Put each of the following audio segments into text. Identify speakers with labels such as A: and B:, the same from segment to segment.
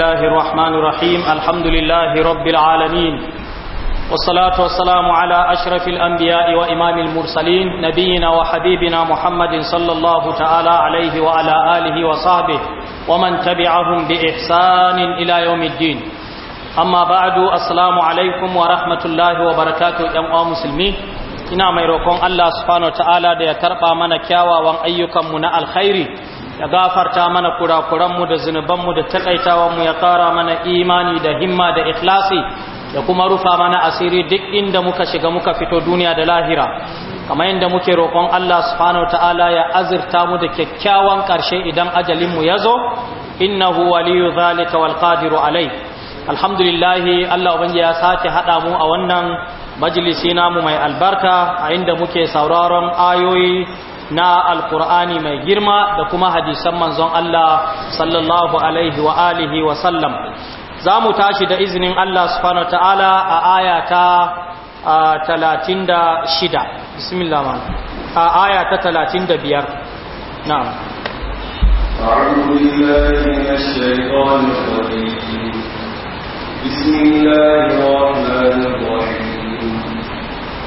A: الله الرحمن الرحيم الحمد لله رب العالمين والصلاة والسلام على أشرف الأنبياء وإمام المرسلين نبينا وحبيبنا محمد صلى الله تعالى عليه وعلى آله وصحبه ومن تبعهم بإحسان إلى يوم الدين أما بعد السلام عليكم ورحمة الله وبركاته يا مسلمين ina mai roƙon Allah subhanahu wa ta'ala da ya karɓa mana kyawawan ayyukanmu na alkhairi ya gafarta mana kurakuranmu da zunubanmu da taƙaitawanmu ya ƙara mana imani da himma da ikhlasi ya kuma rufa mana asiri duk inda muka shiga muka fito duniya da lahira kamar yadda muke roƙon Allah subhanahu ta'ala ya azurta mu da kyakkyawan ƙarshe idan ajalinmu ya zo innahu waliyu zalika wal qadiru alai alhamdulillah Allah ubangi ya sake hada mu a wannan majalisi namu mai albarka a inda muke sauraron ayoyi na alkur'ani mai girma da kuma hadisan manzon Allah sallallahu alaihi wa alihi wa sallam za mu tashi da izinin Allah subhanahu ta'ala a ayata talatin da shida bismillah ma a ta talatin da biyar
B: na'am بسم الله الرحمن الرحيم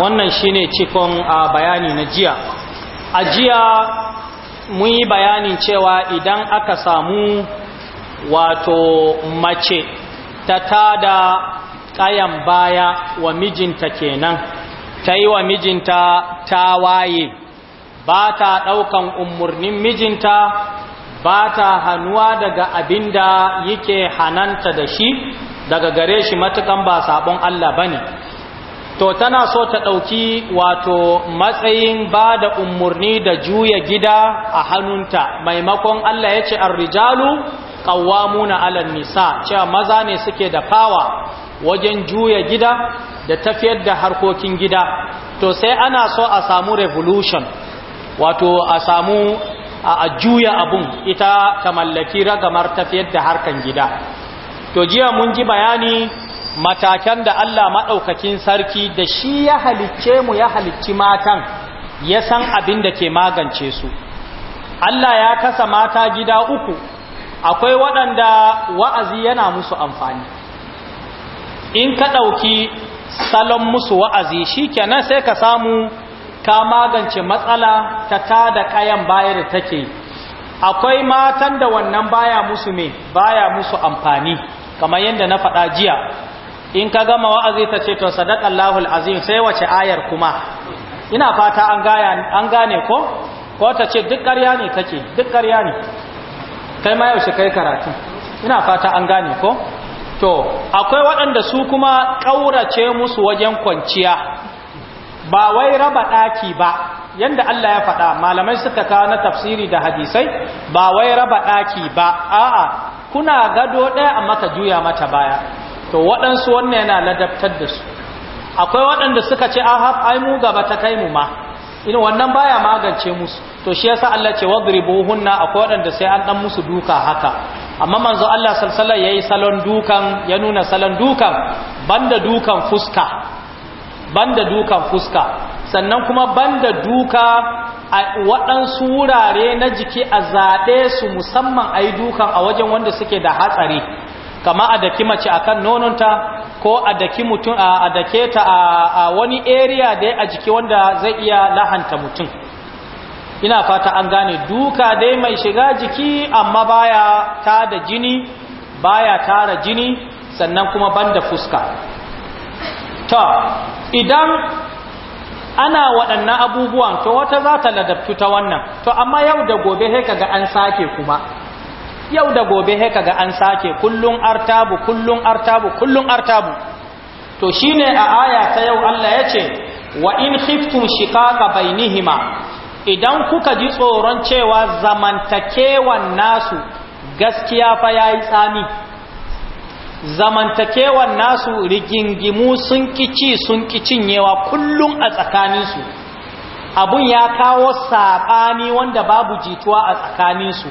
A: wannan shine cikon bayani na jiya a jiya mun yi bayanin cewa idan aka samu wato mace ta tada ƙayan baya wa mijinta kenan ta yi wa mijinta waye ba ta ɗaukan umarnin mijinta ba ta hannuwa daga abin da yake hananta da shi daga gare shi matukan ba sabon Allah ba ne to tana so ta ɗauki wato matsayin ba da umarni da juya gida a hannunta maimakon Allah ya ce arrijalu ƙawwamuna alal nisa cewa maza ne suke da fawa wajen juya gida da tafiyar da harkokin gida to sai ana so a samu revolution wato a samu a juya abun ita ta mallaki ragamar tafiyar da harkan gida to jiya mun ji bayani matakan da Allah maɗaukakin sarki da shi ya halicce mu ya halicci matan ya san abin da ke magance su Allah ya kasa mata gida uku akwai waɗanda wa'azi yana musu amfani in ka ɗauki salon musu wa'azi shi kenan sai ka samu ka magance matsala ta tada kayan bayar da take akwai matan da wannan baya musu me baya musu amfani kamar yadda na faɗa jiya in ka gama wa'azi ta ce to sadakallahu alazim sai wace ayar kuma ina fata an gane ko ko ta ce duk ƙarya ne take duk ƙarya ne kai ma yaushe kai karatu ina fata an gane ko to akwai waɗanda su kuma ƙaurace musu wajen kwanciya ba wai raba ɗaki ba yanda Allah ya faɗa malamai suka kawo na tafsiri da hadisai ba wai raba ɗaki ba a'a kuna gado ɗaya amma ka juya mata baya to waɗansu wannan yana ladabtar da su akwai waɗanda suka ce a ai mu gaba ta kai mu ma ina wannan baya magance musu to shi yasa Allah ce wadribuhunna akwai waɗanda sai an ɗan musu duka haka amma manzo Allah sallallahu yayi salon dukan ya nuna salon dukan banda dukan fuska banda dukan fuska sannan kuma banda duka a waɗansu wurare na jiki a zaɗe su musamman a yi dukan a wajen wanda suke da hatsari kama a daki mace a kan nononta ko a daki mutum a dake ta a wani area da a jiki wanda zai iya lahanta mutum ina fata an gane duka dai mai shiga jiki amma baya ta da jini baya tara jini sannan kuma banda fuska ta idan ana waɗannan abubuwan to wata za ta ladabtu ta wannan to amma yau da gobe sai ga an sake kuma yau da gobe haka ga an sake kullun artabu kullun artabu kullun artabu to shine a aya ta yau Allah yace wa in khiftum shiqaqa bainihima idan kuka ji tsoron cewa zamantakewan nasu gaskiya fa yayi tsami zamantakewan nasu rigingimu sun kici sun cinyewa kullun a tsakaninsu abun ya kawo saɓani wanda babu jituwa a tsakaninsu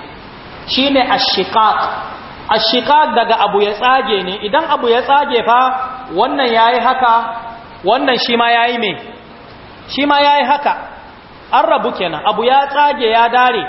A: shine ashiqaq Ashika daga abu ya tsage ne idan abu ya tsage fa wannan yi haka wannan shi ma yi me shi ma yi haka an rabu kenan abu ya tsage ya dare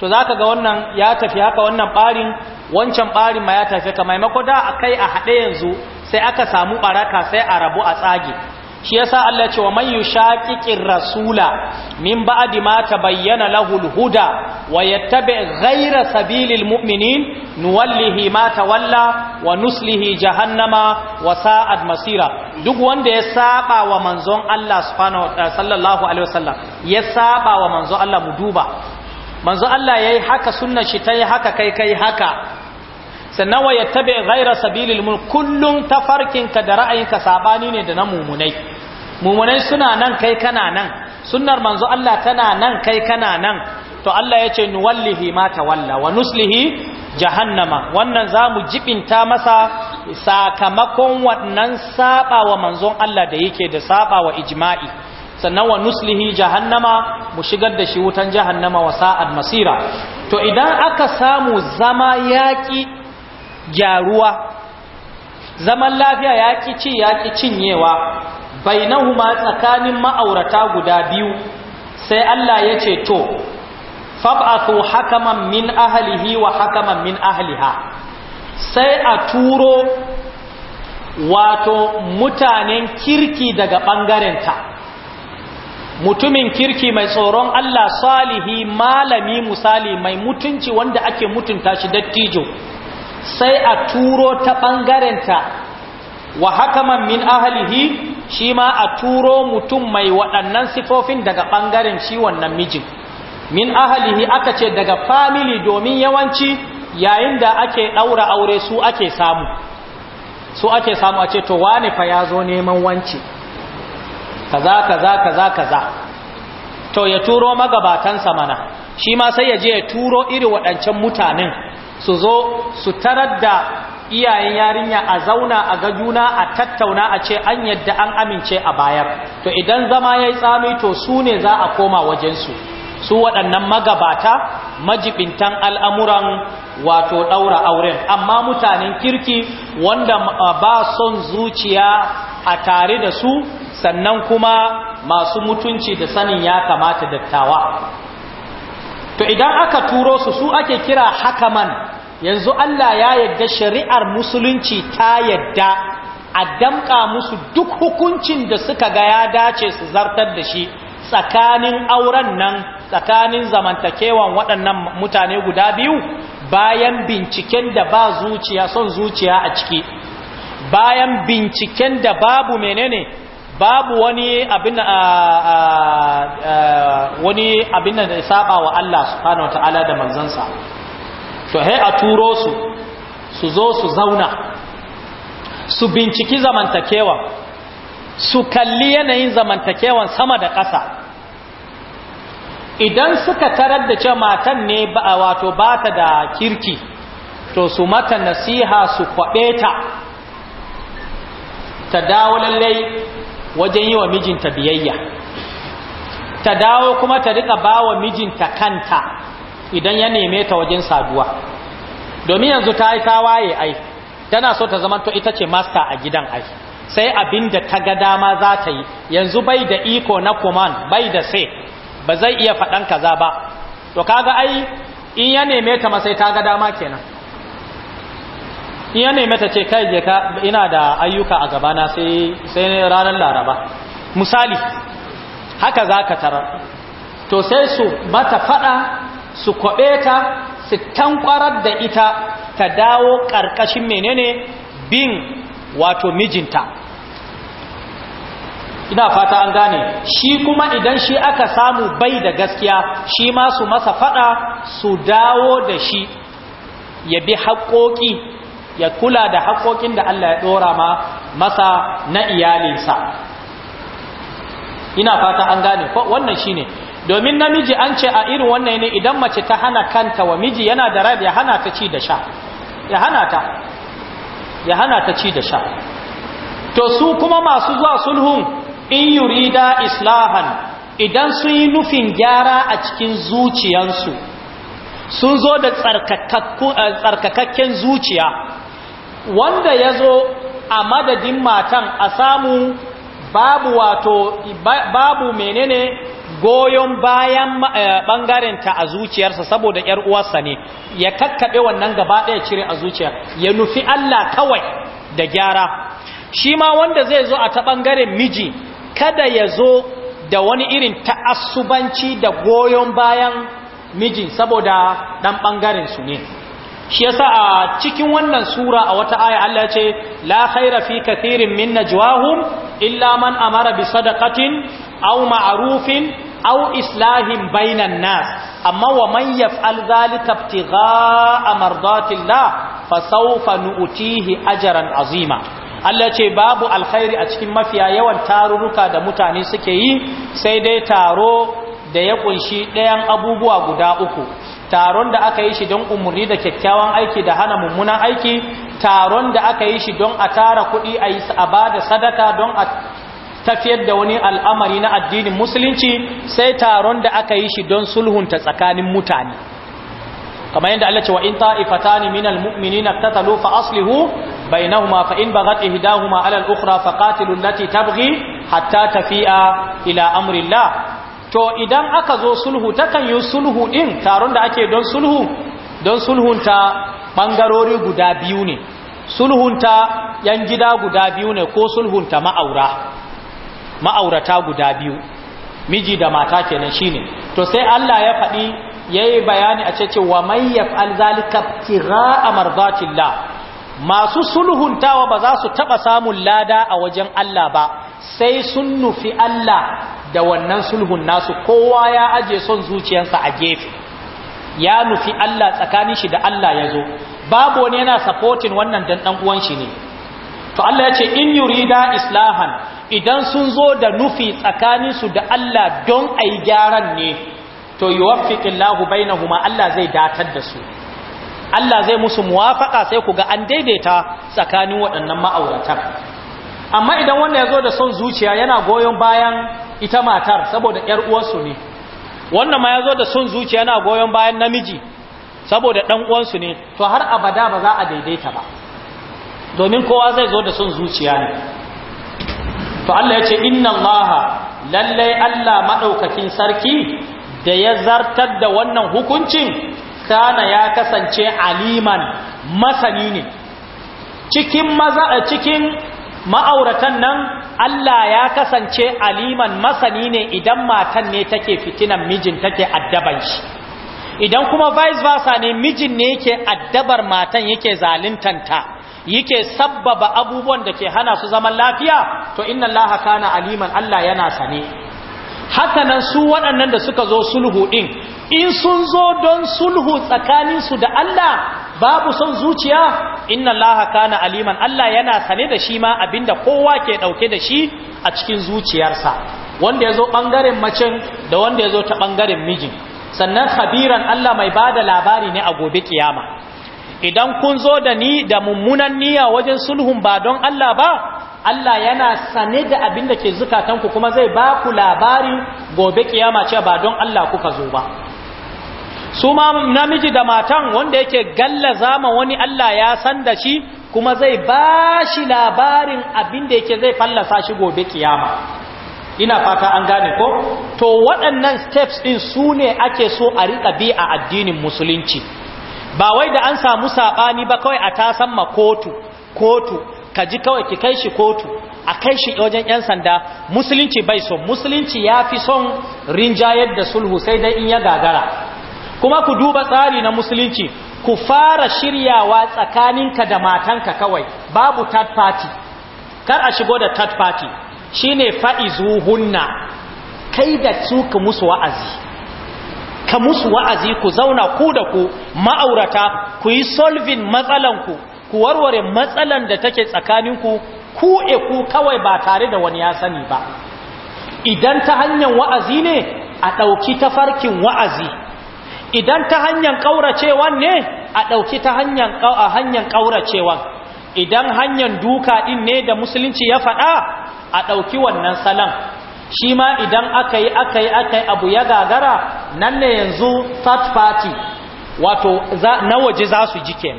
A: to zaka ga wannan ya tafi haka wannan barin wancan ɓarin ma ya tafi ka maimako da a kai a haɗe yanzu sai aka samu ɓaraka sai a rabu a tsage shi yasa Allah ce wa man yushaqiqir rasula min ba'di ma tabayyana lahu al-huda wa yattabi' ghayra sabilil mu'minin nuwallihi ma tawalla wa nuslihi jahannama wa sa'at masira duk wanda ya saba wa manzon Allah subhanahu sallallahu alaihi wasallam ya saba wa manzon Allah mu duba manzon Allah yayi haka sunnar shi tayi haka kai kai haka sannan wa yattabi ghaira sabilil mulk kullum tafarkinka da ra'ayinka sabani ne da na mumunai mumunai suna nan kai kana nan sunnar manzo Allah tana nan kai kana nan to Allah ya ce nuwallihi ma tawalla wa nuslihi jahannama wannan zamu jibinta masa sakamakon wannan saba wa manzon Allah da yake da saba wa ijma'i sannan wa nuslihi jahannama mu shigar da shi wutan jahannama wa sa'ad masira to idan aka samu zama yaki gyaruwa zaman lafiya ya ki ci ya ki cinyewa ma tsakanin ma'aurata guda biyu sai Allah ya ce to fab'athu hakaman min ahlihi wa hakaman min ahliha sai a turo wato mutanen kirki daga ta mutumin kirki mai tsoron Allah salihi malami misali mai mutunci wanda ake mutunta shi dattijo sai a turo ta ɓangarenta wa hakaman min ahalihi shi ma a turo mutum mai waɗannan sifofin daga ɓangaren shi wannan mijin min ahalihi aka ce daga famili domin yawanci yayin da ake ɗaura aure su ake samu su ake samu a ce to wane fa ya zo neman wanci kaza kaza kaza kaza to ya turo magabatansa mana shi ma sai ya je ya turo irin waɗancan mutanen su zo su tarar da iyayen yarinya a zauna a ga juna a tattauna a ce an yadda an amince a bayar to idan zama ya yi tsami to su ne za a koma wajensu su waɗannan magabata majibintan al'amuran wato ɗaura auren amma mutanen kirki wanda ba son zuciya a tare da su sannan kuma masu mutunci da sanin ya kamata dattawa to idan aka turo su su ake kira hakaman yanzu Allah ya yadda shari'ar musulunci ta yadda a damƙa musu duk hukuncin da suka ga ya dace su zartar da shi tsakanin auren nan tsakanin zamantakewan waɗannan mutane guda biyu bayan binciken da ba zuciya son zuciya a ciki bayan binciken da babu menene babu wani abin wani abin da saba wa Allah subhanahu wataala da manzansa to he a turo su su zo su zauna su binciki zamantakewa su kalli yanayin zamantakewan sama da ƙasa idan suka tarar da cewa matan ne ba wato ba ta da kirki to su mata nasiha su kwaɓe ta ta dawo lallai wajen yi wa mijinta biyayya ta dawo kuma ta riƙa ba wa mijinta kanta idan ya neme ta wajen saduwa domin yanzu ta yi tawaye ai tana so ta zamanto ita ce masta a gidan ai sai abinda ta ga dama za ta yi yanzu bai da iko na command bai da sai ba zai iya faɗan kaza ba to kaga ai in ya neme ta ma sai ta ga dama kenan in ya neme ta ce kai je ka ina da ayyuka a gabana sai sai ranar laraba misali haka za ka tarar to sai su mata faɗa su kwaɓe ta su tankwarar da ita ta dawo ƙarƙashin menene bin wato mijinta ina fata an gane shi kuma idan shi aka samu bai da gaskiya shi ma su masa fada su dawo da shi ya bi haƙoƙi ya kula da haƙoƙin da Allah ya ɗora ma masa na iyalinsa ina fata an gane wannan shi ne. domin namiji an ce a irin wannan ne idan mace ta hana kanta wa miji yana da rai ya hana ta ci da sha ya hana ta ya hana ta ci da sha to su kuma masu zuwa sulhun in yurida islahan idan sun yi nufin gyara a cikin zuciyansu sun zo da eh, tsarkakakken zuciya wanda ya zo a madadin matan a samu babu wato babu menene goyon bayan bangaren eh, ta a zuciyarsa saboda ‘yar uwarsa ne ya kakkaɓe wannan gaba ɗaya cire a zuciya ya nufi Allah kawai da gyara shi ma wanda zai zo a ta bangaren miji kada ya zo da wani irin ta'assubanci da goyon bayan miji saboda ɗan bangaren su ne shi yasa a cikin wannan sura a wata aya Allah ce la khaira fi kathirin min najwahum illa man amara bi sadaqatin aw ma'rufin aw islahin bainan nas amma wa man yaf'al dhalika ibtigha'a mardatillah fa sawfa nu'tihi ajran azima Allah ce babu alkhairi a cikin mafiya yawan tarurruka da mutane suke yi sai dai taro da ya kunshi ɗayan abubuwa guda uku taron da aka yi shi don umarni da kyakkyawan aiki da hana mummunan aiki taron da aka yi shi don a tara kuɗi a yi a ba da sadaka don a tafiyar da wani al'amari na addinin musulunci sai taron da aka yi shi don sulhunta tsakanin mutane kamar yadda Allah ce wa in ni minal mu'minina tatalu fa aslihu bainahuma fa in baghat ihdahuma ala al-ukhra fa qatilu allati tabghi hatta tafi'a ila amrillah to idan aka zo sulhu takan yi sulhu din taron da ake don sulhu don sulhunta ɓangarori guda biyu ne sulhunta yan gida guda biyu ne ko sulhunta ma'aura ma'aurata guda biyu miji da mata kenan shine to sai Allah ya faɗi yayi bayani a cece wa may yaf'al zalika ibtigha'a mardatillah masu sulhuntawa ba za su taba samun lada a wajen Allah ba sai sun nufi Allah da wannan sulhun nasu kowa ya aje son zuciyarsa a gefe ya nufi Allah tsakanin shi da Allah ya zo babu wani yana supporting wannan dan dan uwan shi ne to Allah ya ce in yurida islahan idan sun zo da nufi tsakanin su da Allah don ai gyaran ne to yuwaffiqillahu bainahuma Allah zai datar da su Allah zai musu muwafaka sai ku ga an daidaita tsakanin waɗannan ma'auratan amma idan wannan ya zo da son zuciya yana goyon bayan ita matar saboda ‘yar uwansu ne wannan ma ya zo da son zuciya yana goyon bayan namiji saboda ɗan uwansu ne to har abada ba za a daidaita ba domin kowa zai zo da son zuciya ne to Allah ya ce inna Allah lallai Allah maɗaukakin sarki da ya zartar da wannan hukuncin kana ya kasance aliman masani ne cikin maza cikin ma'auratan nan Allah ya kasance aliman masani ne idan matan ne take fitinan mijin take addaban shi idan kuma vice versa ne mijin ne yake addabar matan yake zalintanta yake sabbaba abubuwan da ke hana su zaman lafiya to inna Allah kana aliman Allah yana sane haka nan su waɗannan da suka zo sulhu din in sun zo don sulhu tsakaninsu da Allah babu son zuciya inna allaha kana aliman Allah yana sane da shi ma abinda kowa ke dauke da shi a cikin zuciyarsa wanda yazo bangaren macin da wanda yazo ta bangaren mijin sannan khabiran Allah mai bada labari ne a gobe kiyama idan kun zo da ni da mummunan niyya wajen sulhun ba don Allah ba Allah yana sane da abinda ke zukatanku kuma zai ba ku labari gobe kiyama cewa ba don Allah kuka zo ba su ma namiji da matan wanda yake galla zama wani Allah ya san da shi kuma zai ba shi labarin abin da yake zai fallasa shi gobe kiyama ina fata an gane ko to waɗannan steps ɗin su ne ake so a riƙa bi a addinin musulunci ba wai da an samu saɓani ba kawai a tasan ma kotu kotu ka ji kawai ki kai shi kotu a kai shi wajen 'yan sanda musulunci bai son musulunci ya fi son rinjayar da sulhu sai dai in ya gagara kuma ku duba tsari na musulunci ku fara shiryawa tsakaninka da matanka kawai babu third party kar a shigo da third party shine Hunna. kai da su ku musu wa'azi ka musu wa'azi ku zauna ku da ku ma'aurata ku yi solving matsalanku ku warware matsalan da take tsakaninku ku e ku kawai ba tare da wani ya sani ba idan ta hanyar wa'azi ne a ɗauki tafarkin wa'azi idan ta hanyar ƙauracewan ne a ɗauki ta hanyar ƙauracewan idan hanyar duka ɗin ne da musulunci ya faɗa a ɗauki wannan salon shi ma idan aka yi aka yi aka yi abu ya gagara nan ne yanzu third party wato na waje za su ji ke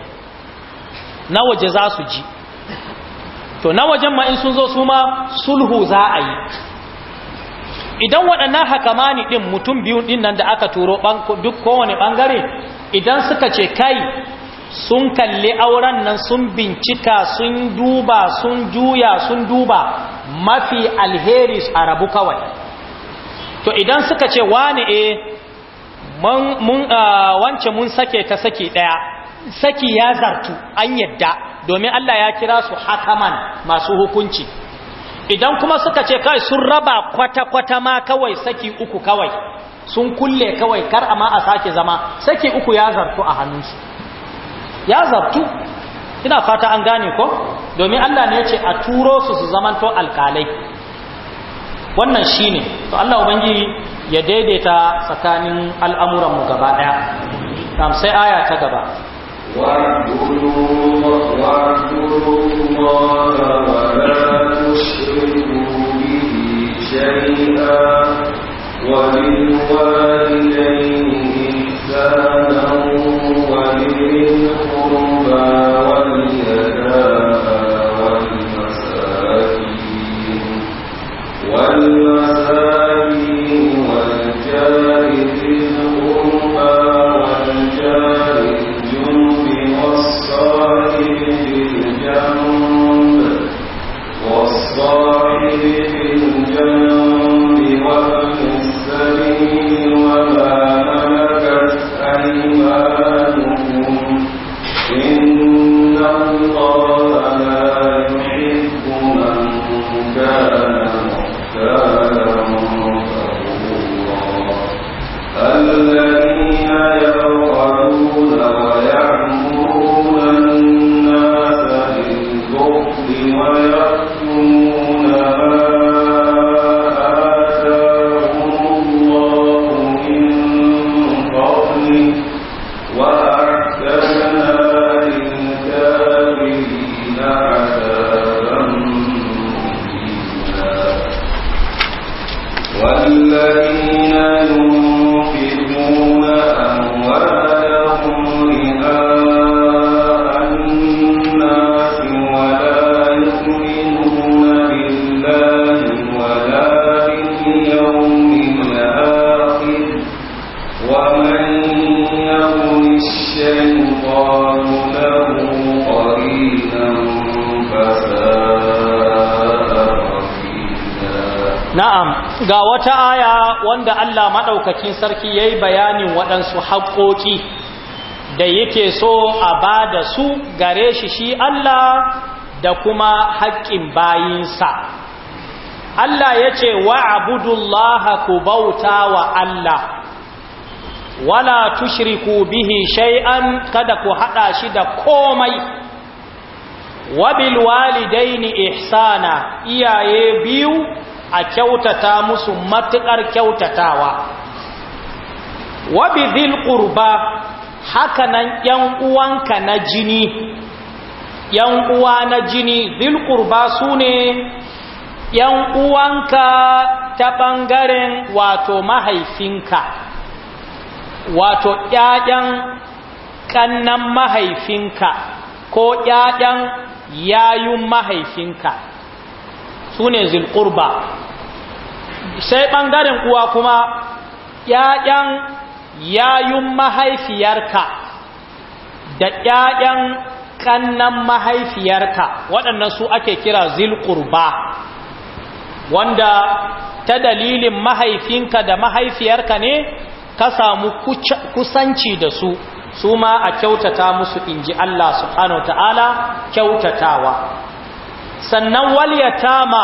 A: na waje za su ji to na wajen ma in sun zo su ma sulhu za a yi idan waɗannan hakamani ɗin mutum biyu ɗin nan da aka turo duk kowane ɓangare idan suka ce kai sun kalli auren nan sun bincika sun duba sun juya sun duba mafi alheri a rabu kawai to idan suka ce wani e eh, ah, wance mun sake ta saki ɗaya saki ya zartu an yadda domin Allah ya kira su hakaman masu hukunci idan kuma suka ce kai sun raba kwata-kwata ma kawai saki uku kawai sun kulle kawai kar amma a sake zama saki uku ya zartu a hannunsu ya zartu ina fata an gane ko domin Allah ne yace a turo su su zamanto alkalai wannan shine to Allah ubangi ya daidaita tsakanin al'amuran mu gaba daya kam sai aya ta gaba wa
B: تشركوا به شيئا وبالوالدين إحسانا وللقربى
A: wanda Allah maɗaukakin sarki ya yi bayanin waɗansu haƙoƙi da yake so a ba da su gare shi shi Allah da kuma haƙƙin bayinsa. Allah ya ce wa abudullaha ku bauta wa Allah, wala tushriku bihi shay'an kada ku haɗa shi da komai. wabil walidaini ihsana iyaye biyu a kyautata musu matuƙar kyautatawa wabi zil ƙurba haka nan ‘yan uwanka na jini ‘yan uwa na jini zil ƙurba su ne ‘yan uwanka ta ɓangaren wato mahaifinka wato ‘ya'yan ƙannan mahaifinka ko ‘ya'yan yayun mahaifinka sune ne zilƙurba sai ɓangaren uwa kuma ‘ya'yan yayun mahaifiyarka da ‘ya'yan ƙannan mahaifiyarka waɗannan su ake kira zilƙurba wanda ta dalilin mahaifinka da mahaifiyarka ne ka samu kusanci da su su ma a kyautata musu in ji Allah subhanahu ta'ala kyautatawa sannan waliyata ma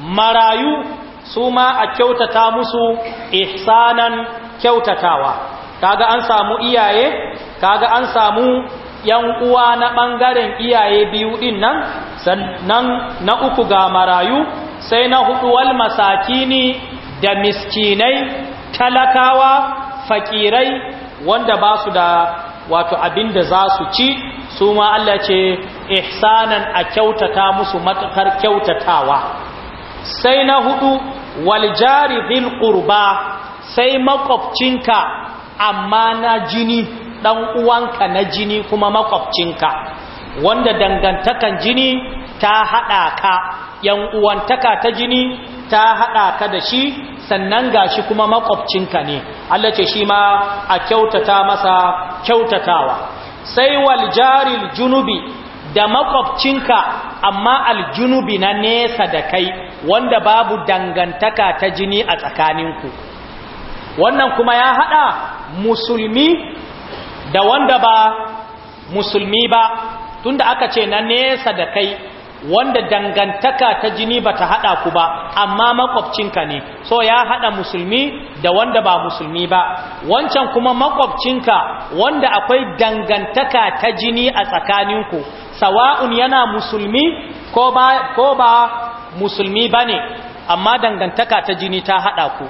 A: marayu su ma a kyautata musu ihsanan kyautatawa kaga an samu iyaye kaga an samu yan uwa na bangaren iyaye biyu din nan sannan na uku ga marayu sai na hudu wal masakini da miskinai talakawa fakirai wanda ba su da wato abin da za su ci su ma Allah ce ihsanan a kyautata musu matukar kyautatawa sai na hudu waljari bil qurba sai makwabcinka amma na jini dan uwanka na jini kuma makwabcinka wanda dangantakan jini ta haɗa ka yan uwantaka ta jini ta haɗa ka da shi sannan ga shi kuma makwabcinka ne Allah ce shi ma a kyautata masa kyautatawa sai waljari junubi da makwabcinka amma aljunubi na nesa da kai wanda babu dangantaka ta jini a tsakaninku wannan kuma ya hada musulmi da wanda ba musulmi ba tunda aka ce na nesa da kai wanda dangantaka ta jini ba ta haɗa ku ba amma makwabcinka ne so ya haɗa musulmi da wanda ba musulmi ba wancan kuma makwabcinka wanda akwai dangantaka ta jini a tsakaninku sawa'un yana musulmi ko ba, ko ba musulmi ba amma dangantaka ta jini ta haɗa ku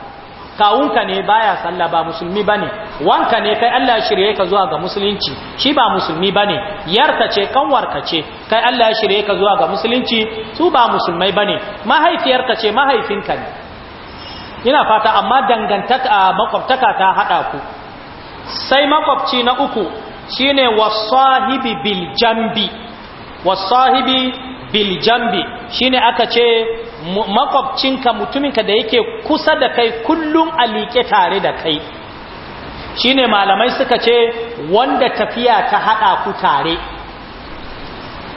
A: kawunka ne baya sallah ba musulmi ba ne wanka ne kai Allah ya shirye ka zuwa ga musulunci shi ba musulmi bane Yarta ce kanwarka ce kai Allah ya shirye ka zuwa ga musulunci su ba musulmai bane mahaifiyarka ce mahaifinka ne ina fata amma dangantaka makwabtaka ta hada ku sai makwabci na uku shine wasahibi bil jambi wasahibi bil jambi shine aka ce makwabcinka mutuminka da yake kusa da kai kullum a liƙe tare da kai shine malamai suka ce wanda tafiya ta hada ku tare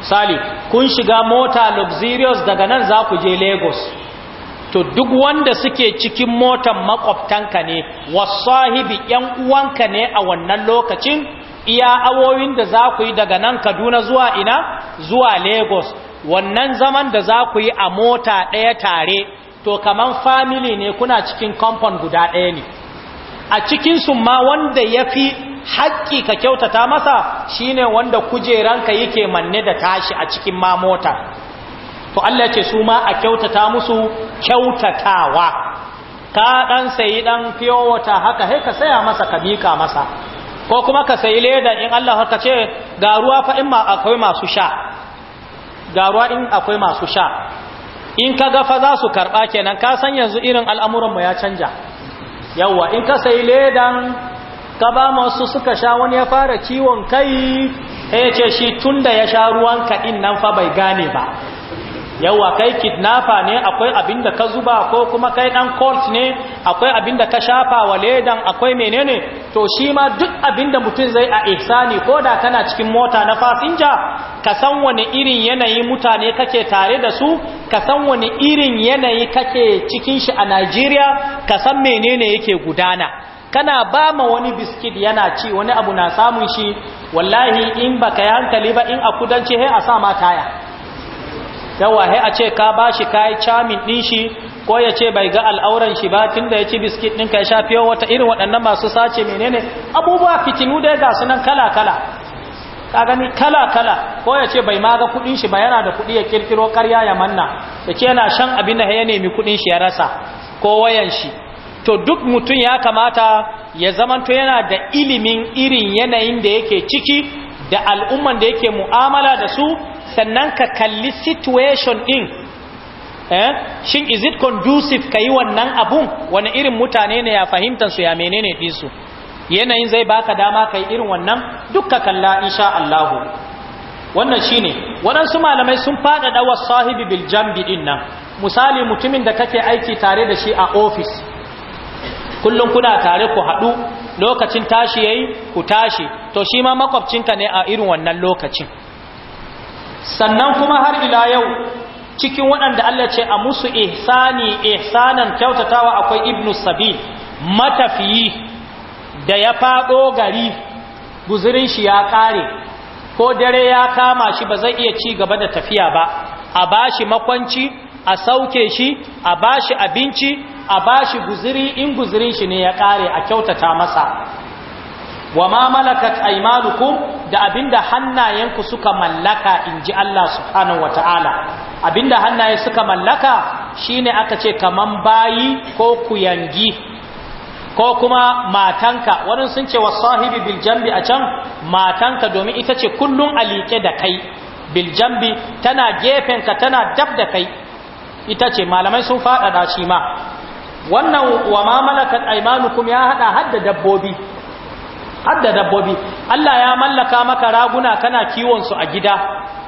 A: sali kun shiga mota luxurious daga nan za ku je lagos to duk wanda suke cikin motan makwabtanka ne wasahibi yan uwanka ne a wannan lokacin iya awowin da za ku yi daga nan kaduna zuwa ina zuwa lagos wannan zaman da za ku yi a mota ɗaya tare to kaman family ne kuna cikin compound guda ɗaya ne a cikinsu ma wanda ya fi haƙƙi ka kyautata masa shine wanda kujeranka yake manne da tashi a cikin ma mota to Allah ce su ma a kyautata musu kyautatawa ka ɗan sayi ɗan fiyowata haka haika ka saya masa ka miƙa masa ko kuma ka sayi leda in Allah haka ce ga ruwa fa in ma akwai masu sha ga ruwa in akwai masu sha in ka gafa za su karɓa kenan ka san yanzu irin al'amuranmu ya canja yawwa in ka sai ledan ka ba masu suka sha wani ya fara ciwon kai ya ce shi tunda ya sha ruwan in nan fa bai gane ba yawa kai kidnapper ne akwai abin da ka zuba ko kuma kai dan court ne akwai abin da ka shafa wa ledan akwai menene to shi ma duk abin da mutum zai a ihsani ko da kana cikin mota na fasinja ka san wani irin yanayi mutane kake tare da su ka san wani irin yanayi kake cikin shi a Najeriya ka san menene yake gudana kana ba ma wani biskit yana ci wani abu na samun shi wallahi in baka yi hankali ba in a kudanci he a sa ma taya yawa he a ce ka bashi kai chamin din shi ko ya ce bai ga al'auran shi ba tunda ya ci biskit ɗinka ya sha fiye wata irin waɗannan masu sace menene abubuwa fitinu dai ga sunan kala-kala ka gani kala-kala ko ya ce bai ma ga kuɗin shi ba yana da kuɗi ya kirkiro karya ya manna yake yana shan abin da ya nemi kudin shi ya rasa ko wayan shi to duk mutum ya kamata ya zamanto yana da ilimin irin yanayin da yake ciki da al'umman da yake mu'amala da su sannan ka kalli situation in eh shin is it conducive yi wannan abun wani irin mutane ne ya fahimtar su ya menene din su yanayin zai baka dama yi irin wannan dukka kalla insha Allah wannan shine waɗansu malamai sun faɗaɗa ɗawar sahibi bil jambi din nan misali mutumin da kake aiki tare da shi a ofis kullum kuna tare ku haɗu lokacin tashi yayi ku tashi to shi ma makwabcinka ne a irin wannan lokacin sannan kuma har ila yau cikin waɗanda Allah ce a musu ihsani ihsanan kyautatawa akwai ibnu sabil matafiyi da ya faɗo gari guzurin shi ya ƙare ko dare ya kama shi ba zai iya ci gaba da tafiya ba a bashi makwanci a sauke shi a bashi abinci a bashi guziri in guzirin shi ne ya ƙare a kyautata masa wa ma malakat aymanukum da abinda hannayenku suka mallaka inji Allah subhanahu wataala abinda hannaye suka mallaka shine aka ce kaman bayi ko kuyangi ko kuma matanka wani sun ce wasahibi bil jambi a can matanka domin ita ce kullun alike da kai bil jambi tana ka tana dab da kai ita ce malamai sun faɗaɗa shi ma wannan wa ma malakat aymanukum ya hada hadda dabbobi hadda dabbobi Allah ya mallaka maka raguna kana kiwon su a gida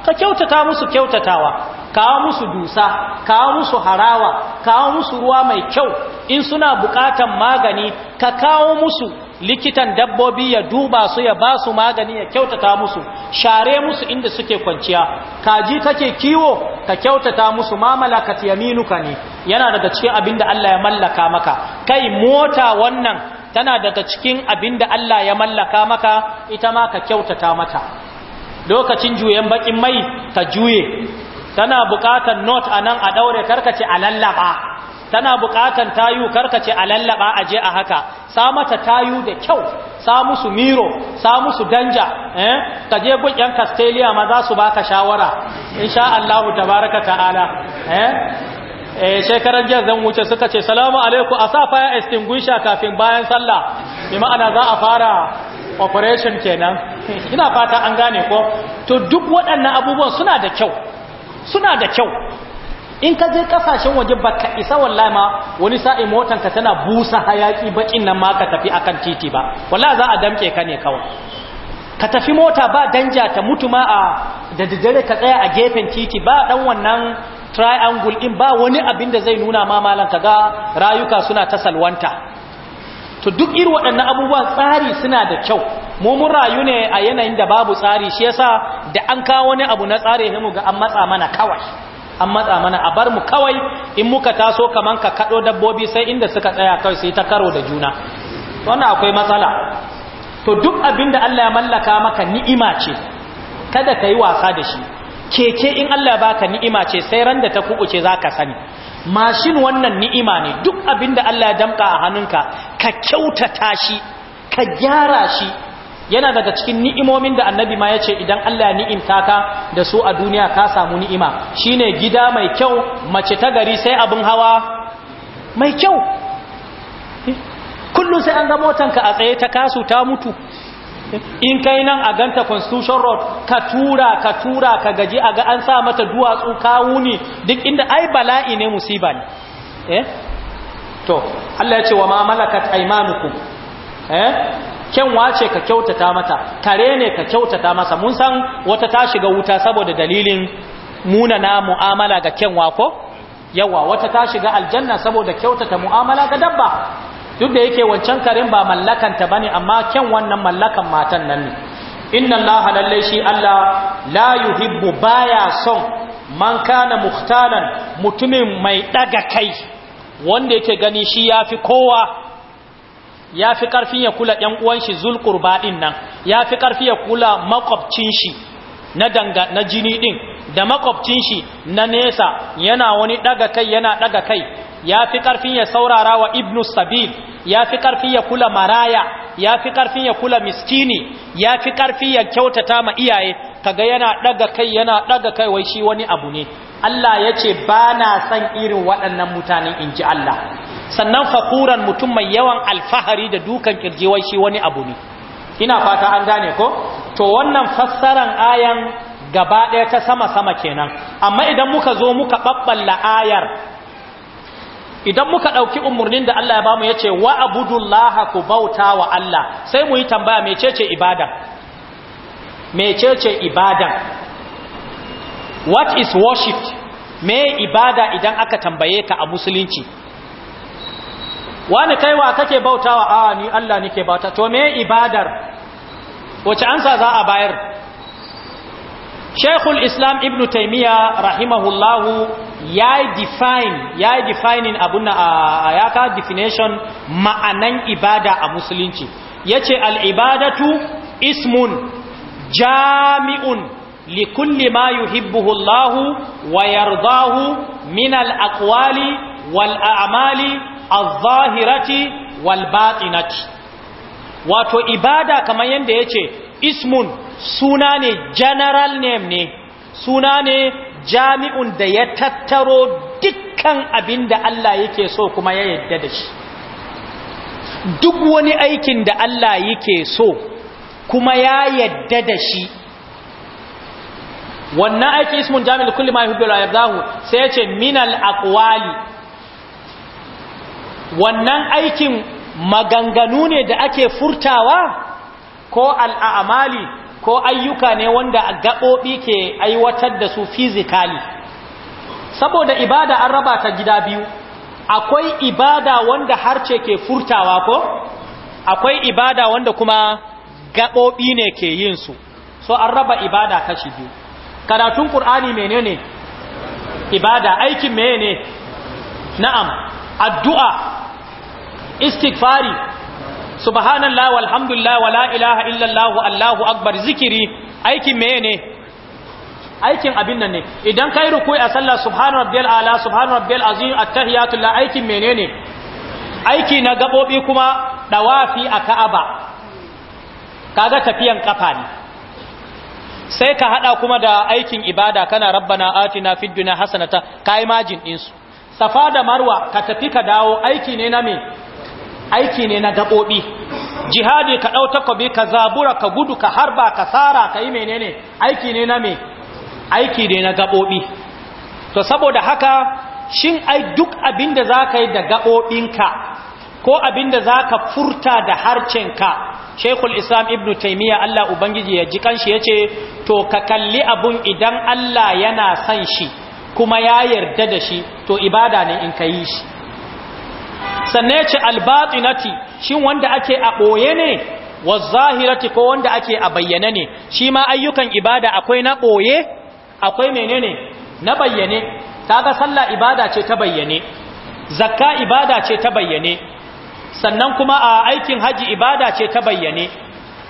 A: ka kyautata musu kyautatawa kawo musu dusa kawo musu harawa kawo musu ruwa mai kyau in suna bukatan magani ka kawo musu likitan dabbobi ya duba su ya ba su magani ya kyautata musu share musu inda suke kwanciya kaji kake kiwo ka kyautata musu ma malakat yaminuka ne yana daga cikin abinda Allah ya mallaka maka kai mota wannan tana daga cikin abin da Allah ya mallaka maka ita ma ka kyautata mata lokacin juyen bakin mai ka juye tana bukatan not a nan a ɗaure karkace a lallaɓa tana buƙatan tayu karkace a lallaɓa a a haka sa mata tayu da kyau sa musu miro sa musu danja eh? ka je buƙyan castelia ma za su baka shawara insha Allahu tabaraka ta'ala eh? eh shekaran jiya zan wuce suka ce salamu alaikum a sa fire extinguisher kafin bayan sallah bi ma'ana za a fara operation kenan ina fata an gane ko to duk waɗannan abubuwan suna da kyau suna da kyau in ka je kasashen waje baka isa wallahi ma wani sa'i motan ka tana busa hayaki bakin nan ma ka tafi akan titi ba wallahi za a damke ka ne kawai ka tafi mota ba danja ta mutu ma a da daddare ka tsaya a gefen titi ba dan wannan triangle in ba wani abin da zai nuna ma ka ga rayuka suna ta salwanta to duk irin waɗannan abubuwa tsari suna da kyau mu mun rayu ne a yanayin da babu tsari shi yasa da an kawo wani abu na tsari ne mu ga an matsa mana kawai an matsa mana a bar mu kawai in muka taso kaman ka kado dabbobi sai inda suka tsaya kawai sai ta karo da juna wannan akwai matsala to duk abin da Allah ya mallaka maka ni'ima ce kada ka yi wasa da shi keke in Allah baka ni'ima ce sai ran da ta za zaka sani mashin wannan ni'ima ne duk abin da Allah ya damka a hannunka ka kyautata shi ka gyara shi yana daga cikin ni'imomin da annabi ma ya ce idan Allah ya ni'imta ka da su a duniya ka samu ni'ima shine gida mai kyau mace ta gari sai abin hawa mai kyau kullum sai an ga motanka a tsaye ta kasu ta mutu in kai nan a ganta constitution road ka tura ka tura ka gaji a ga an sa mata duwatsu kawu ne duk inda ai bala'i ne musiba ne eh to Allah ya ce wa ma malakat aymanukum eh kyanwa ce ka kyautata mata kare ne ka kyautata masa mun san wata ta shiga wuta saboda dalilin muna na mu'amala ga kyanwa ko yawa wata ta shiga aljanna saboda kyautata mu'amala ga dabba duk da yake wancan karin ba mallakanta ba ne, amma kyan wannan mallakan matan nan ne inna allaha lalle shi allah la yuhibbu baya son man kana muhtalan mutumin mai daga kai wanda yake gani shi yafi kowa ya fi ƙarfin ya kula ‘yan uwan shi zulkurba ɗin nan ya fi ya kula makwabcin shi na danga na jini ɗin da makwabcin shi na nesa yana wani ɗaga kai yana ɗaga kai ya fi ƙarfin ya saurara wa ibnu sabil ya fi ƙarfin ya kula maraya ya fi ƙarfin ya kula miskini ya fi ƙarfin ya kyautata ma iyaye kaga yana ɗaga kai yana ɗaga kai wai shi wani abu ne Allah ya ce ba na san irin waɗannan mutanen in ji Allah sannan fakuran mutum mai yawan alfahari da dukan kirji wai shi wani abu ne ina fata an gane ko to wannan fassaran ayan gaba ɗaya ta sama-sama kenan amma idan muka zo muka ɓaɓɓalla ayar idan muka ɗauki umarnin da Allah ya bamu ya ce wa abudullaha ku bauta wa Allah sai mu yi tambaya mecece ibadan mecece ibadan what is worship me ibada idan aka tambaye ka a musulunci wani kaiwa kake wa a ah, ni Allah nake bauta to me ibadar wace ansa za a bayar shaikhul islam ibn taimiyya rahimahullahu ya yi define ya yi defining abun a ya ka definition ma'anan ibada a musulunci ya ce al'ibadatu ismun jami'un likulli ma yuhibbuhu Allahu wa yardahu min al'akwali wal a'amali al-zahirati wal batinati wato ibada kamar yadda ya ce ismun suna ne general name ne suna ne jami'un da ya tattaro dukkan abin da Allah yake so kuma ya yadda da shi duk wani aikin da Allah yake so kuma ya yadda da shi wannan aikin ismun jami'ul kulli ma yuhibbu wa yardahu sai ya ce minal akwali. wannan aikin maganganu ne da ake furtawa ko al'amali ko ayyuka ne wanda gaɓoɓi ke aiwatar da su fizikali saboda ibada an raba ta gida biyu akwai ibada wanda harce ke furtawa ko akwai ibada wanda kuma gaɓoɓi ne ke yin su so an raba ibada kashi biyu karatun ƙur'ani menene ibada aikin menene na'am addu'a istighfari subhanallah walhamdulillah la ilaha illallah allahu akbar zikiri aikin meye ne aikin abin nan ne idan kai ruku'i a sallah subhana rabbiyal ala subhana rabbiyal azim attahiyatu la aikin menene aiki na gabobi kuma dawafi a ka'aba kaga tafiyan kafa ne sai ka hada kuma da aikin ibada kana rabbana atina fid dunya hasanata kai majin din su safa da marwa ka tafi ka dawo aiki ne na me aiki ne na gaɓoɓi jihadi ka ɗau takobi ka zabura ka gudu ka harba ka sara ka yi menene aiki ne na me aiki ne na gaɓoɓi to saboda haka shin ai duk abinda da za ka yi da gaɓoɓinka ko abinda da za ka furta da harcenka shekul islam ibn taimiyya allah ubangiji ya ji kanshi ya ce to ka kalli abun idan allah yana san shi kuma ya yarda da shi to ibada ne in ka yi shi sannan ce albatinati shin wanda ake a ɓoye ne wa zahirati ko wanda ake a bayyane ne shi ma ayyukan ibada akwai na ɓoye akwai menene na bayyane ga sallah ibada ce ta bayyane zakka ibada ce ta bayyane sannan kuma a aikin haji ibada ce ta bayyane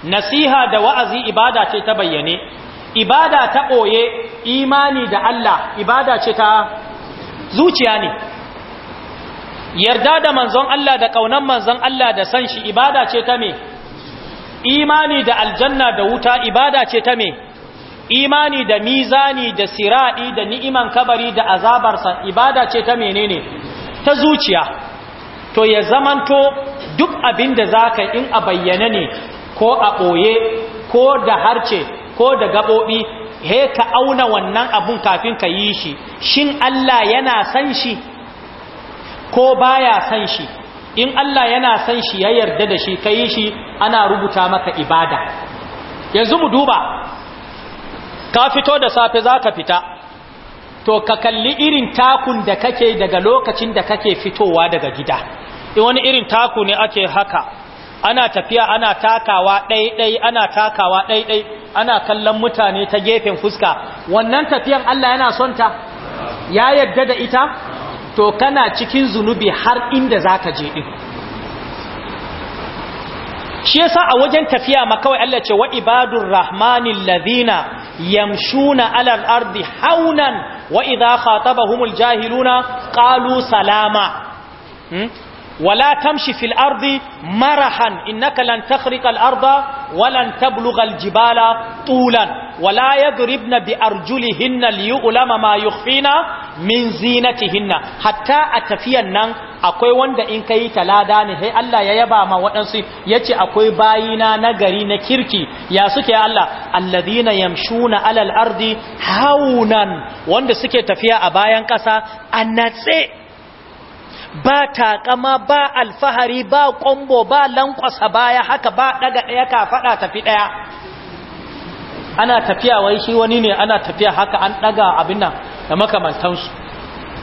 A: nasiha da wa'azi ibada ce ta bayyane ibada ta ɓoye imani da Allah ibada ce ta zuciya ne yarda da manzon Allah da kaunan manzon Allah da san shi ibada ce ta me imani da aljanna da wuta ibada ce ta me imani da mizani da siradi da ni'iman kabari da azabarsa ibada ce ta menene ta zuciya to ya zamanto duk abin da zaka in a bayyane ne ko a ɓoye ko da harce ko da gaɓoɓi he ka auna wannan abun kafin ka yi shi shin Allah yana san shi ko baya san shi in Allah yana san shi ya yarda da shi kai shi ana rubuta maka ibada yanzu mu duba ka fito da safe zaka fita to ka kalli irin takun da kake daga lokacin da kake fitowa daga gida in wani irin taku ne ake haka ana tafiya ana takawa ɗaiɗai ana takawa ɗaiɗai ana kallon mutane ta gefen fuska wannan tafiyan Allah yana son ta ya yarda da ita to kana cikin zunubi har inda za ka je ɗin shi yasa a wajen tafiya ma kawai Allah ce wa ibadun rahmanin ladina yamshuna alal ardi haunan wa idha khatabahumul jahiluna qalu salama hmm? wala tamshi fil ardi marahan innaka lan takhriqa al arda wa lan tablugha jibala tulan wala yadribna bi arjulihinna liyulama ma yukhfina min zinatihinna hatta a tafiyan nan akwai wanda in ka yi talada ne sai Allah ya yaba ma waɗansu yace akwai bayina na gari na kirki ya suke Allah alladhina yamshuna alal ardi haunan wanda suke tafiya a bayan ƙasa a natse. ba taƙama ba alfahari ba ƙombo ba lankwasa baya haka ba ɗaga ɗaya ka faɗa tafi ɗaya ana tafiya wai shi wani ne ana tafiya haka an ɗaga abin nan da makamantansu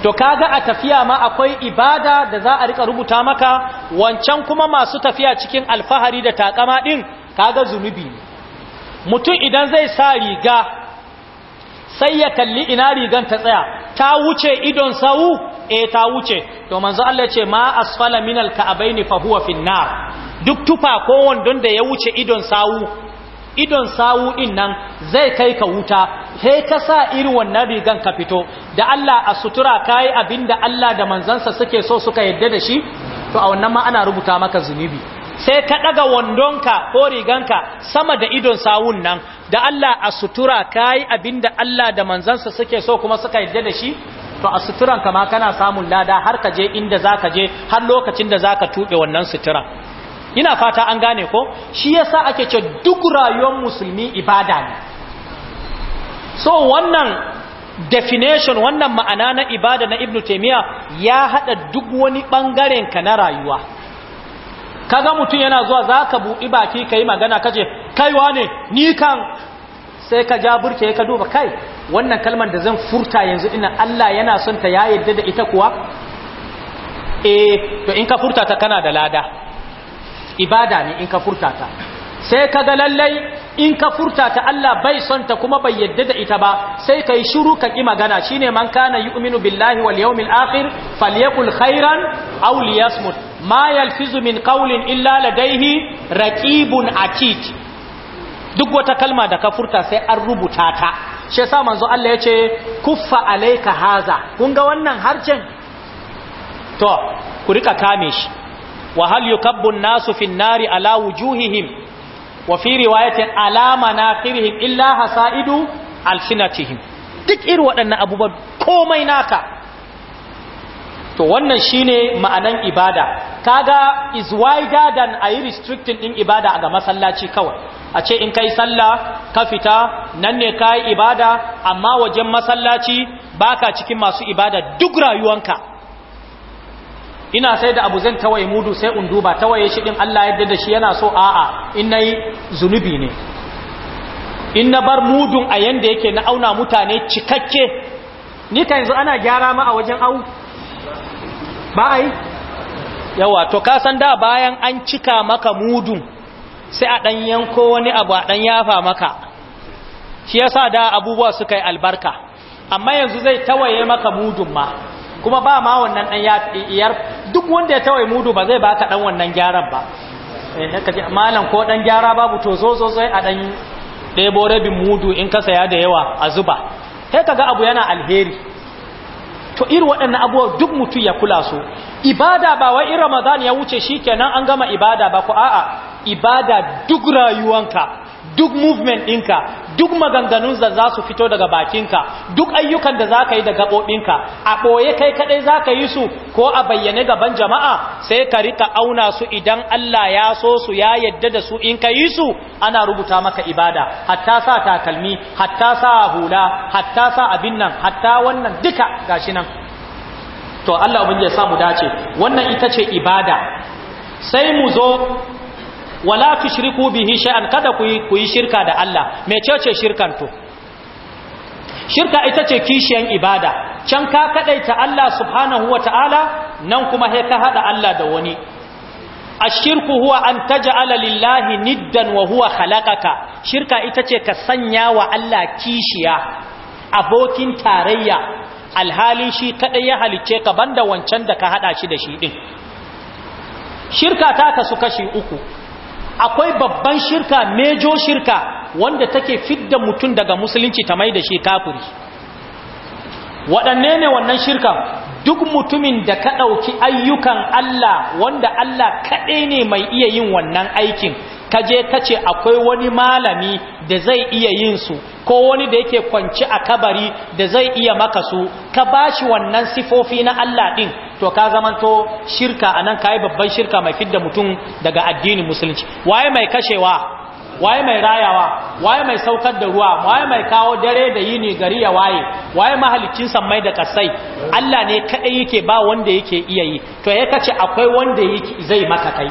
A: to kaga a tafiya ma akwai ibada da za a rika rubuta maka wancan kuma masu tafiya cikin alfahari da taƙama ɗin kaga zunubi ne mutum idan zai sa riga sai ya kalli ina rigan ta tsaya ta wuce idon sawu eh ta wuce to manzo Allah ce ma asfala minal ka'abaini fa huwa nar duk tufa ko wandon da ya wuce idon sawu idon sawu din nan zai kai ka wuta sai ka sa iri wannan rigan ka fito da Allah a sutura kai abinda Allah da manzansa suke so suka yadda da shi to a wannan ma ana rubuta maka zunubi sai ka daga wandonka ko riganka sama da idon sawun nan da Allah a sutura kayi abinda Allah da manzansa suke so kuma suka yarda da shi to a suturan kama kana samun lada har ka je inda zaka je har lokacin da zaka tube wannan sutura ina fata an gane ko shi yasa ake ce duk rayuwar musulmi ibada ne so wannan definition wannan ma'ana na ibada na ibnu taymiya ya hada duk wani bangaren ka na rayuwa kaga mutum yana zuwa za ka buɗi baki ka yi magana ka ce kaiwa ne ni sai ka ja burke ka duba kai wannan kalmar da zan furta yanzu ina Allah yana son ta ya yarda da ita kuwa eh to in ka furta ta kana da lada ibada ne in ka furta ta sai ka ga lallai in ka furta ta Allah bai son ta kuma bai yadda da ita ba sai kai shiru ka ki magana shine man kana yu'minu billahi wal yawmil akhir falyakul khairan aw liyasmut ma yalfizu min qawlin illa ladayhi raqibun duk wata kalma da ka furta sai an rubuta ta shi yasa manzo Allah yace kuffa alayka haza kun ga wannan harcen to ku rika kame shi wa hal yukabbu an-nasu fin nari ala wujuhihim wa ya riwayatin alama na kirihim illa hasa'idu alfinatihim duk irin waɗannan abubuwan komai naka to wannan shine ma'anan ibada kaga is wider than a yi restricting ɗin ibada ga masallaci kawai a ce in kai sallah ka fita nan ne kai ibada amma wajen masallaci baka cikin masu ibada duk rayuwanka ina sai da abu zan tawaye mudu sai in duba tawaye shi din Allah yadda da shi yana so a'a in nayi zunubi ne in na bar mudun a yanda yake na auna mutane cikakke ni ka yanzu ana gyara ma a wajen au ba ai yawa to ka san da bayan an cika maka mudun sai a dan yanko wani abu a dan yafa maka shi yasa da abubuwa suka yi albarka amma yanzu zai tawaye maka mudun ma kuma ba ma wannan dan duk wanda ya wai mudu ba zai baka dan wannan gyaran ba eh kaje malam ko dan gyara babu to zo zo sai a dan debo rabin mudu in ka saya da yawa a zuba sai kaga abu yana alheri to irin waɗannan abubuwa duk mutum ya kula su ibada ba wai in ramadan ya wuce shikenan an gama ibada ba ko a'a ibada duk rayuwanka duk movement ɗinka duk maganganun da za su fito daga bakinka duk ayyukan da za ka yi da gaɓoɓinka a ɓoye kai kaɗai za ka yi su ko a bayyane gaban jama'a sai ka rika auna su idan Allah ya so su ya yadda da su in ka yi su ana rubuta maka ibada hatta sa takalmi hatta sa hula hatta sa abin nan hatta wannan duka gashi nan to Allah ubangiji ya samu dace wannan ita ce ibada sai mu zo wala tushriku bihi shay'an kada ku yi shirka da Allah mecece shirkan to shirka ita ce kishiyan ibada can ka kadaita Allah subhanahu wataala nan kuma he ka hada Allah da wani ashirku huwa an taj'ala lillahi niddan wa huwa khalaqaka shirka ita ce ka sanya wa Allah kishiya abokin tarayya alhali shi kadai ya halice ka banda wancan da ka hada shi da shi din shirka ta kasu kashi uku akwai babban shirka mejo shirka wanda take fidda mutum daga musulunci ta mai da shi kafiri waɗanne ne wannan shirka duk mutumin da ka ɗauki ayyukan Allah wanda Allah kaɗai ne mai iya yin wannan aikin kaje ce akwai wani malami da zai iya yin su ko wani da yake kwanci a kabari da zai iya maka su ka ba shi wannan sifofi na Allah din to ka zamanto shirka anan kai babban shirka mai fidda mutum daga addinin musulunci waye mai kashewa waye mai rayawa waye mai saukar da ruwa waye mai kawo dare da yini gari ya waye waye mahalicin mai da kasai Allah ne kadai yake ba wanda yake iya yi to ya kace akwai wanda yake zai maka kai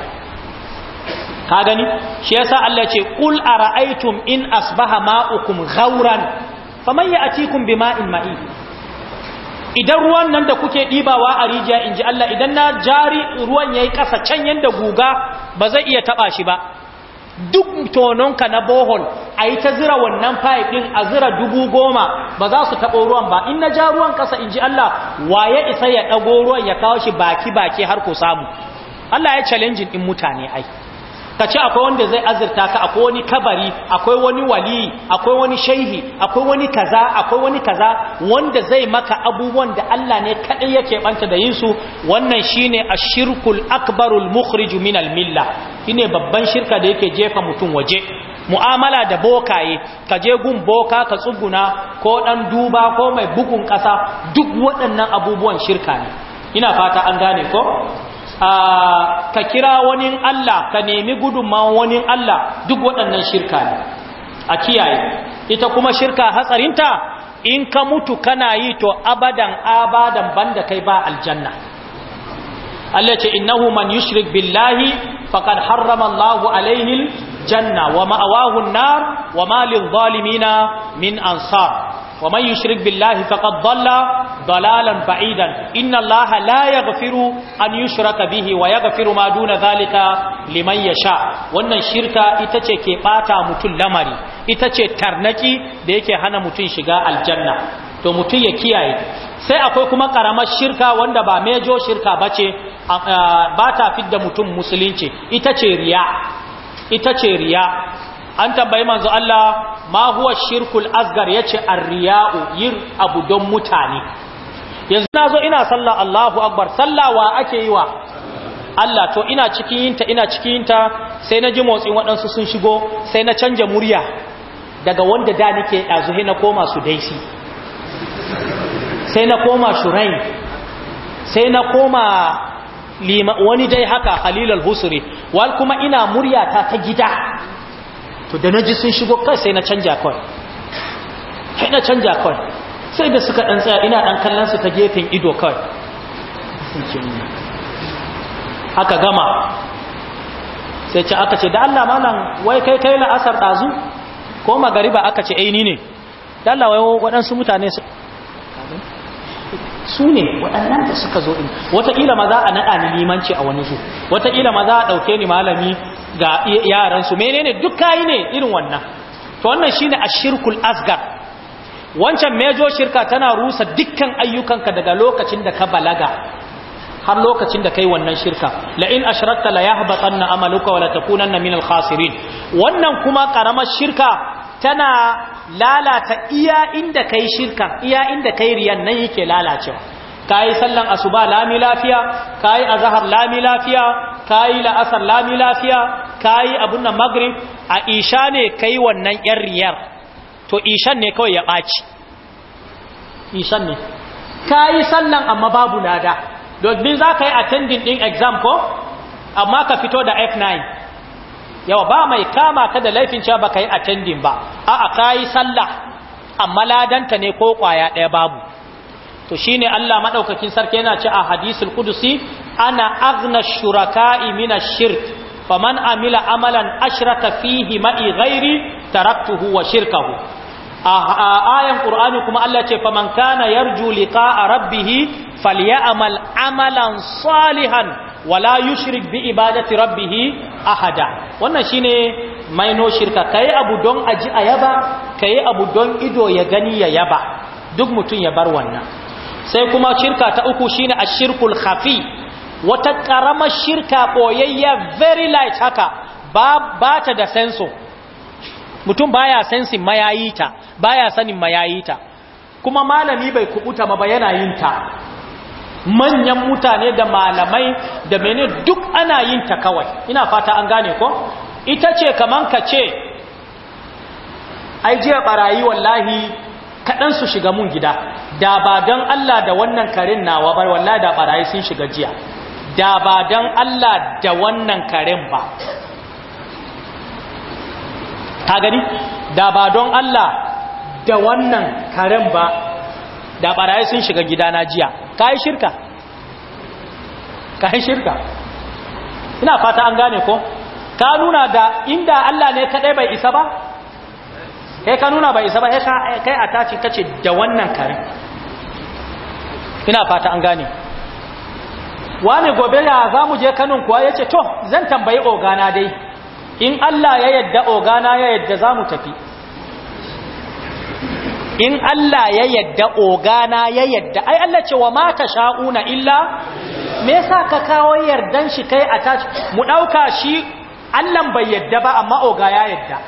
A: ka gani shi yasa Allah ce qul ara'aytum in asbaha ma'ukum ghauran faman ya'tikum bima'in ma'in idan ruwan nan da kuke dibawa a rijiya in ji Allah idan na jari ruwan yayi yi ƙasa can yanda guga ba zai iya taɓa shi ba duk tononka na bohol a yi ta zira wannan pipe ɗin a zira dubu goma ba za su taɓo ruwan ba in na ja ruwan ƙasa in ji Allah waye isa ya ɗago ruwan ya kawo shi baki-baki har ko samu Allah ya challenge in mutane ai ka ce akwai wanda zai azurta ka akwai wani kabari akwai wani wali akwai wani shaihi akwai wani kaza akwai wani kaza wanda zai maka abubuwan da Allah ne kadai yake banta da yin su wannan shine ashirkul akbarul mukhrij min al milla shine babban shirka da yake jefa mutum waje mu'amala da bokaye ka je gun boka ka tsuguna ko dan duba ko mai bugun kasa duk waɗannan abubuwan shirka ne ina fata an gane ko ka kira wani Allah ka nemi gudunmawan wani Allah duk waɗannan shirka ne a kiyaye ita kuma shirka hatsarinta in ka mutu kana yi to abadan abadan banda kai ba aljanna Allah ce innahu man yushrik billahi faqad harrama Allahu alaihi janna wa ma'awahu an-nar wa ma lil min ansar ومن يشرك بالله فقد ضل ضلالا بعيدا إن an لا يغفر أن يشرك به ويغفر ما دون ذلك liman ya sha wannan shirka ita ce ke ɓata mutum lamari ita ce tarnaki da yake hana mutum shiga aljanna to mutum ya kiyaye sai akwai kuma ƙaramar shirka wanda ba mejo shirka ba ce ba ta fidda mutum musulunci ita
B: ce
A: riya an tambayi manzo Allah ma huwa shirkul asgar yace arriya'u yin abu don mutane yanzu na zo ina sallah Allahu akbar sallah wa ake yi wa Allah to ina cikin yinta ina cikin yinta sai na ji motsin waɗansu sun shigo sai na canja murya daga wanda da nake ɗazuhe na koma su daisi sai na koma shurain sai na koma wani dai haka halilal husri wal kuma ina muryata ta gida to da naji sun shigo kai sai na canja kawai sai na canja kawai sai da suka ɗan tsaya ina dan kallon su ta gefen ido kawai aka gama sai ce aka ce da Allah malam wai kai kai la'asar ɗazu, ko magariba aka ce aini eh, ne da Allah wai waɗansu mutane su ne waɗannan da suka zo ɗin wataƙila ma za a naɗa ni limanci a wani su wataƙila ma za a ɗauke ni malami ga yaransu menene duk kayi ne irin wannan to wannan shine ashirkul asgar wancan mejo shirka tana rusa dukkan ayyukanka daga lokacin da ka balaga har lokacin da kai wannan shirka la in ashrakta la yahbatanna amaluka wa la takunanna minal khasirin wannan kuma karamar shirka tana lalata iya inda kai shirka iya inda kai riyan nan yake lalacewa kayi sallan asuba lami lafiya kayi azhar lami lafiya kayi la'asar lami lafiya kayi abun nan maghrib a isha ne kai wannan yar riyar to ishan ne kawai ya baci ishan ne kayi sallan amma babu lada domin za ka yi attending din exam ko amma ka fito da F9 yawa ba mai kama ka da laifin cewa baka yi attending ba a'a kayi sallah amma ladanta ne ko kwaya ɗaya babu to shine Allah maɗaukakin sarki yana ce a hadisul qudusi ana aghna shuraka'i imina shirk faman amila amalan ashraka fihi ma'i ghairi taraktuhu wa shirkahu a ayan qur'ani kuma Allah ce fa faman kana yarju liqa'a rabbih falyamal amalan salihan wala yushrik bi ibadati rabbih ahada wannan shine maino shirka kayi abu don aji yaba kayi abu don ido ya gani ya yaba duk mutum ya bar wannan sai kuma shirka ta uku shine ashirkul khafi wata karamar shirka boyayya very light haka ba bata da senso mutum baya sensin mayayita baya sanin mayayita kuma malami bai kubuta ma ba yana yin ta manyan mutane da malamai da mene duk ana yin ta kawai ina fata an gane ko ita ce kaman ka ce ai jiya barayi wallahi kaɗan su shiga mun gida da ba don Allah da wannan karin nawa ba, wallahi da barayi sun shiga jiya da ba don Allah da wannan karin ba ka gani da ba don Allah da wannan karen ba da barayi sun shiga gidana jiya ka yi shirka ka yi shirka ina fata an gane ko ka nuna da inda Allah ne kadai bai isa ba kai ka nuna bai isa ba kai a tace kace da wannan karin ina fata an gane wani gobe ya za mu je kanun kuwa ya ce to zan tambayi ogana dai in Allah ya yadda ogana ya yadda za mu tafi in Allah ya yadda ogana ya yadda ai Allah ce wa mata sha'una illa me yasa ka kawo yardan shi kai a tashi mu dauka shi Allah bai yadda ba amma oga ya yadda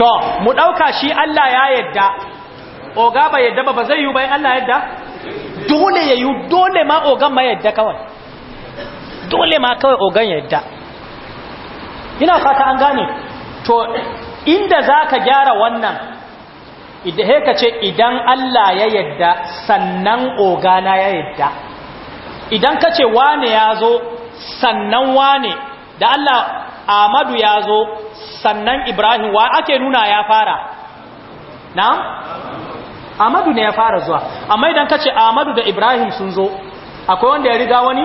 A: to mu dauka shi Allah ya yadda oga bai yadda ba ba zai yi bai Allah yadda dole yayi dole ma ogan ma yadda kawai dole ma kawai ogan yadda ina fata an gane to inda za ka gyara wannan idan ka ce idan Allah ya yadda sannan ogana ya yadda idan ka ce wane ya zo sannan wane da Allah Amadu ya zo sannan Ibrahim wa ake nuna ya fara na? Amadu ne ya fara zuwa amma idan ka ce Amadu da Ibrahim sun zo akwai wanda ya riga wani?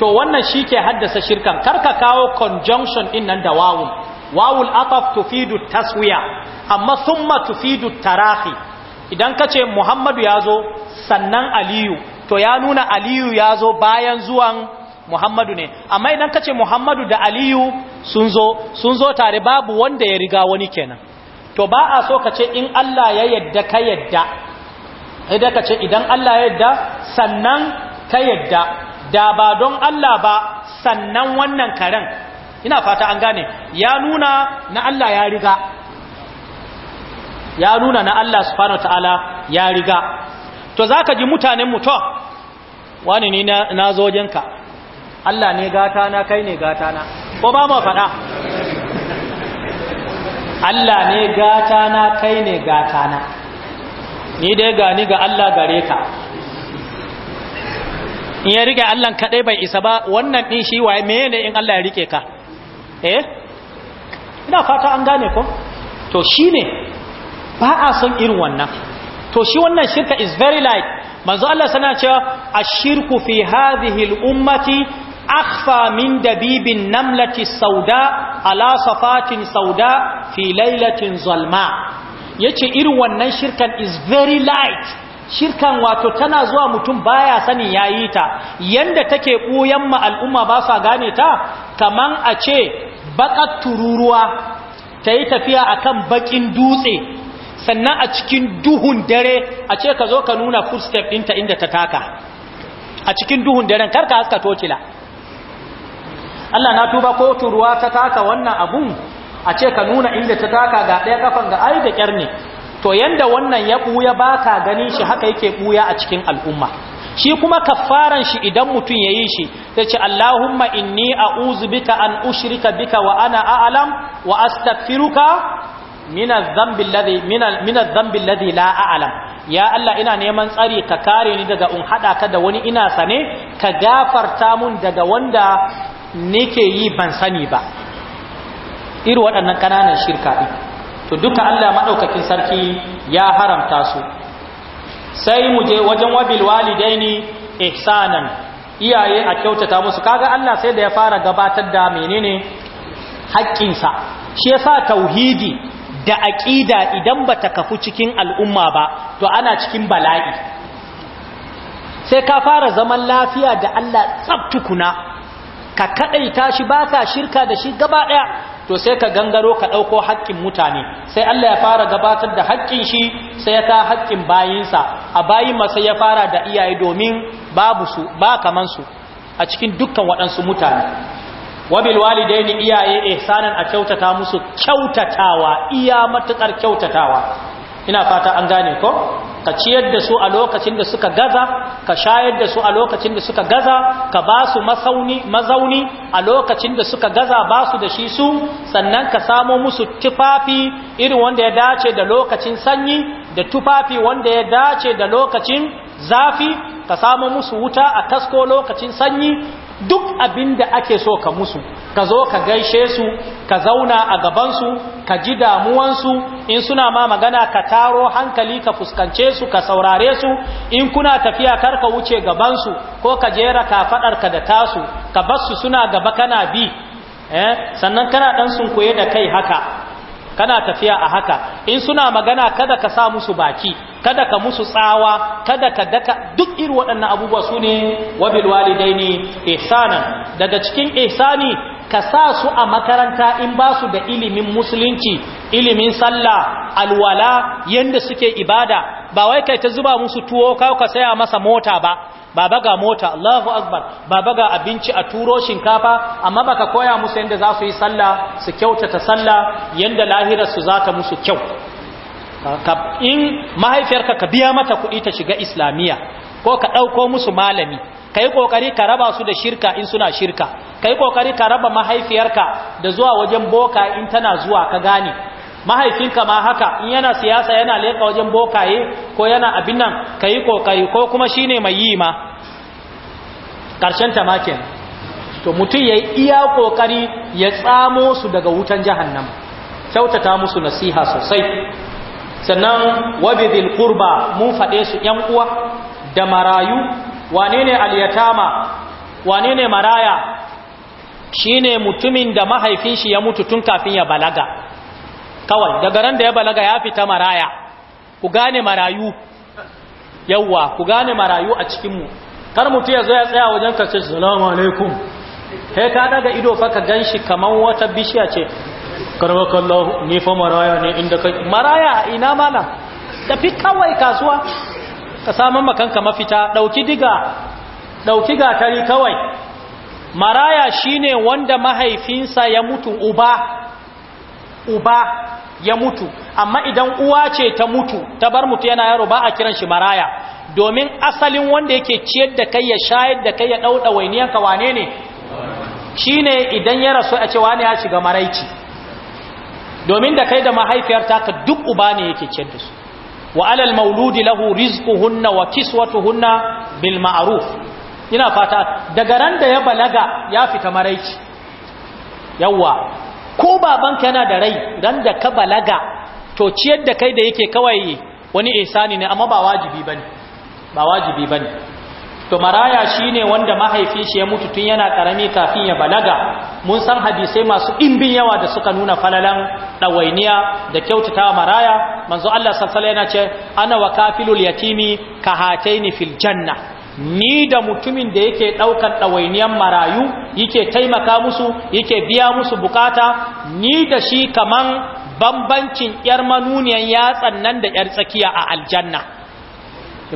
A: to wannan shi ke haddasa shirkan karka kawo conjunction in nan da wawun wawul ataf tufidu taswiya amma summa tufidu tarahi idan kace muhammadu yazo sannan aliyu to ya nuna aliyu yazo bayan zuwan muhammadu ne amma idan kace muhammadu da aliyu sun zo sun zo tare babu wanda ya riga wani kenan to ba a so kace in Allah ya yadda ka yadda idan kace idan Allah ya yadda sannan ka yadda da ba don Allah ba sannan wannan karen ina fata an gane ya nuna na Allah ya riga ya nuna na Allah subhanahu wataala ya riga to zaka ji mutanen mutum wani ne na zo jinka Allah ne gata na kai ne gata na ko ba ma faɗa Allah ne gata na kai ne gata na ni dai gani ga Allah gare ka in ya rike Allah kaɗai bai isa ba wannan din shi waye meye ne in Allah ya rike ka eh ina fata an gane ko to shine ba a son irin wannan to shi wannan shirka is very light manzo Allah sana cewa ashirku fi hadhihi al-ummati akhfa min dabibin namlati sauda ala safatin sauda fi lailatin zalma yace irin wannan shirkan is very light shirkan wato tana zuwa mutum baya sani yayi ta yanda take koyan ma al'umma ba sa gane ta kaman a ce baƙar tururuwa ta yi tafiya a kan baƙin dutse sannan a cikin duhun dare a ce ka zo ka nuna footstep ɗinta inda ta taka a cikin duhun daren karka haska tokila Allah na tuba ko turuwa ta taka wannan abun a ce ka nuna inda ta taka ga ɗaya ƙafan ga ai da kyar ne to yanda wannan ya buya baka ganin shi haka yake buya a cikin al'umma shi kuma kaffaran shi idan mutum ya yi shi ta ce Allahumma inni a'udhu bika an ushirika bika wa ana a'lam wa astaghfiruka minaz dhanbi alladhi la a'lam ya Allah ina neman tsari ka kare ni daga in hada ka da wani ina sane ka gafarta mun daga wanda nake yi ban sani ba irin waɗannan ƙananan shirka ɗin to duka Allah maɗaukakin sarki ya haramta su sai mu je wajen wabil walidaini ihsanan iyaye a kyautata musu kaga Allah sai da ya fara gabatar da menene haƙƙinsa shi yasa tauhidi da aqida idan bata kafu cikin al'umma ba to ana cikin bala'i sai ka fara zaman lafiya da Allah tsabtukuna tukuna ka kadaita shi baka shirka da shi gaba daya to sai ka gangaro ka ɗauko haƙƙin mutane sai Allah ya fara gabatar da haƙƙin shi sai ya ta haƙƙin bayinsa a bayin masa ya fara da iyaye domin babu su ba kaman su a cikin dukkan waɗansu mutane wabil walidaini iyaye ihsanan a kyautata musu kyautatawa iya matukar kyautatawa ina fata an gane ko ka ciyar da su a lokacin da suka gaza ka shayar da su a lokacin da suka gaza ka ba su mazauni a lokacin da suka gaza ba su da shi su sannan ka samo musu tufafi irin wanda ya dace da lokacin sanyi da tufafi wanda ya dace da lokacin zafi ka samo musu wuta a kasko lokacin sanyi duk abin da ake so ka musu ka zo ka gaishe su ka zauna a gabansu ka ji damuwansu in suna ma magana ka taro hankali ka fuskance su ka saurare su in kuna tafiya kar ka wuce gabansu ko ka jera ka da tasu ka basu suna gaba kana bi eh? sannan kana ɗan koye da kai haka kana tafiya a haka in suna magana kada ka sa musu baki kada ka musu tsawa kada ka daka duk irin waɗannan abubuwa su ne wabil walidaini ihsana daga cikin ihsani ka sa su a makaranta in ba su da ilimin musulunci ilimin sallah alwala yanda suke ibada ba wai kai ta zuba musu tuwo kawo ka saya masa mota ba baba ga mota Allahu akbar baba ga abinci a turo shinkafa amma ka koya musu yadda za su yi sallah su kyautata sallah yanda lahirar su za ta musu kyau in mahaifiyarka ka biya mata kuɗi ta shiga islamiyya ko ka ɗauko musu malami kai ƙoƙari ka raba su da shirka in suna shirka kai kokari ka raba mahaifiyarka da zuwa wajen boka in tana zuwa ka gane mahaifinka ma haka in yana siyasa yana leka wajen bokaye ko yana abin nan kai kokari ko kuma shine mai yi ma karshen ta to mutum yayi iya ƙoƙari ya tsamo su daga wutan jahannama kyautata musu nasiha sosai sannan wabidil qurba mun fade su yan uwa da marayu wane ne aliyatama wane ne maraya shine mutumin da mahaifin shi ya mutu tun kafin ya balaga kawai daga ran da ya balaga ya fita maraya ku gane marayu yawwa ku gane marayu a cikinmu kar mutu ya zo ya tsaya wajen ka ce salamu alaikum he ka daga ido fa ka ganshi kaman wata bishiya ce karbakallahu ni fa maraya ne inda kai maraya ina mana tafi kawai kasuwa ka saman makanka mafita ɗauki diga ɗauki gatari kawai maraya shine wanda mahaifinsa ya mutu uba uba ya mutu amma idan uwa ce ta mutu ta bar mutu yana yaro ba a kiran shi maraya domin asalin wanda yake ciyar da kai ya shayar da kai ya ɗauɗa wainiyanka wane ne shi ne idan ya rasu a ce wane ya shiga maraici domin da kai da mahaifiyar taka duk uba ne yake ciyar da su wa alal mauludi lahu rizquhunna wa kiswatuhunna bil ma'ruf ina fata daga ran da ya balaga ya fita maraici yawa ko babanka yana da rai ran da ka balaga to ciyar da kai da yake kawai wani ihsani ne amma ba wajibi bane ba wajibi bane to maraya shine wanda mahaifinshi shi ya mutu tun yana karami kafin ya balaga mun san hadisai masu ɗimbin yawa da suka nuna falalan ɗawainiya da kyautata maraya manzo Allah sallallahu yana ce ana wa kafilul yatimi kahataini fil janna ni da mutumin da yake ɗaukan ɗawainiyan marayu yake taimaka musu yake biya musu bukata ni da shi kaman bambancin yar manuniyan yatsan nan da yar tsakiya a aljanna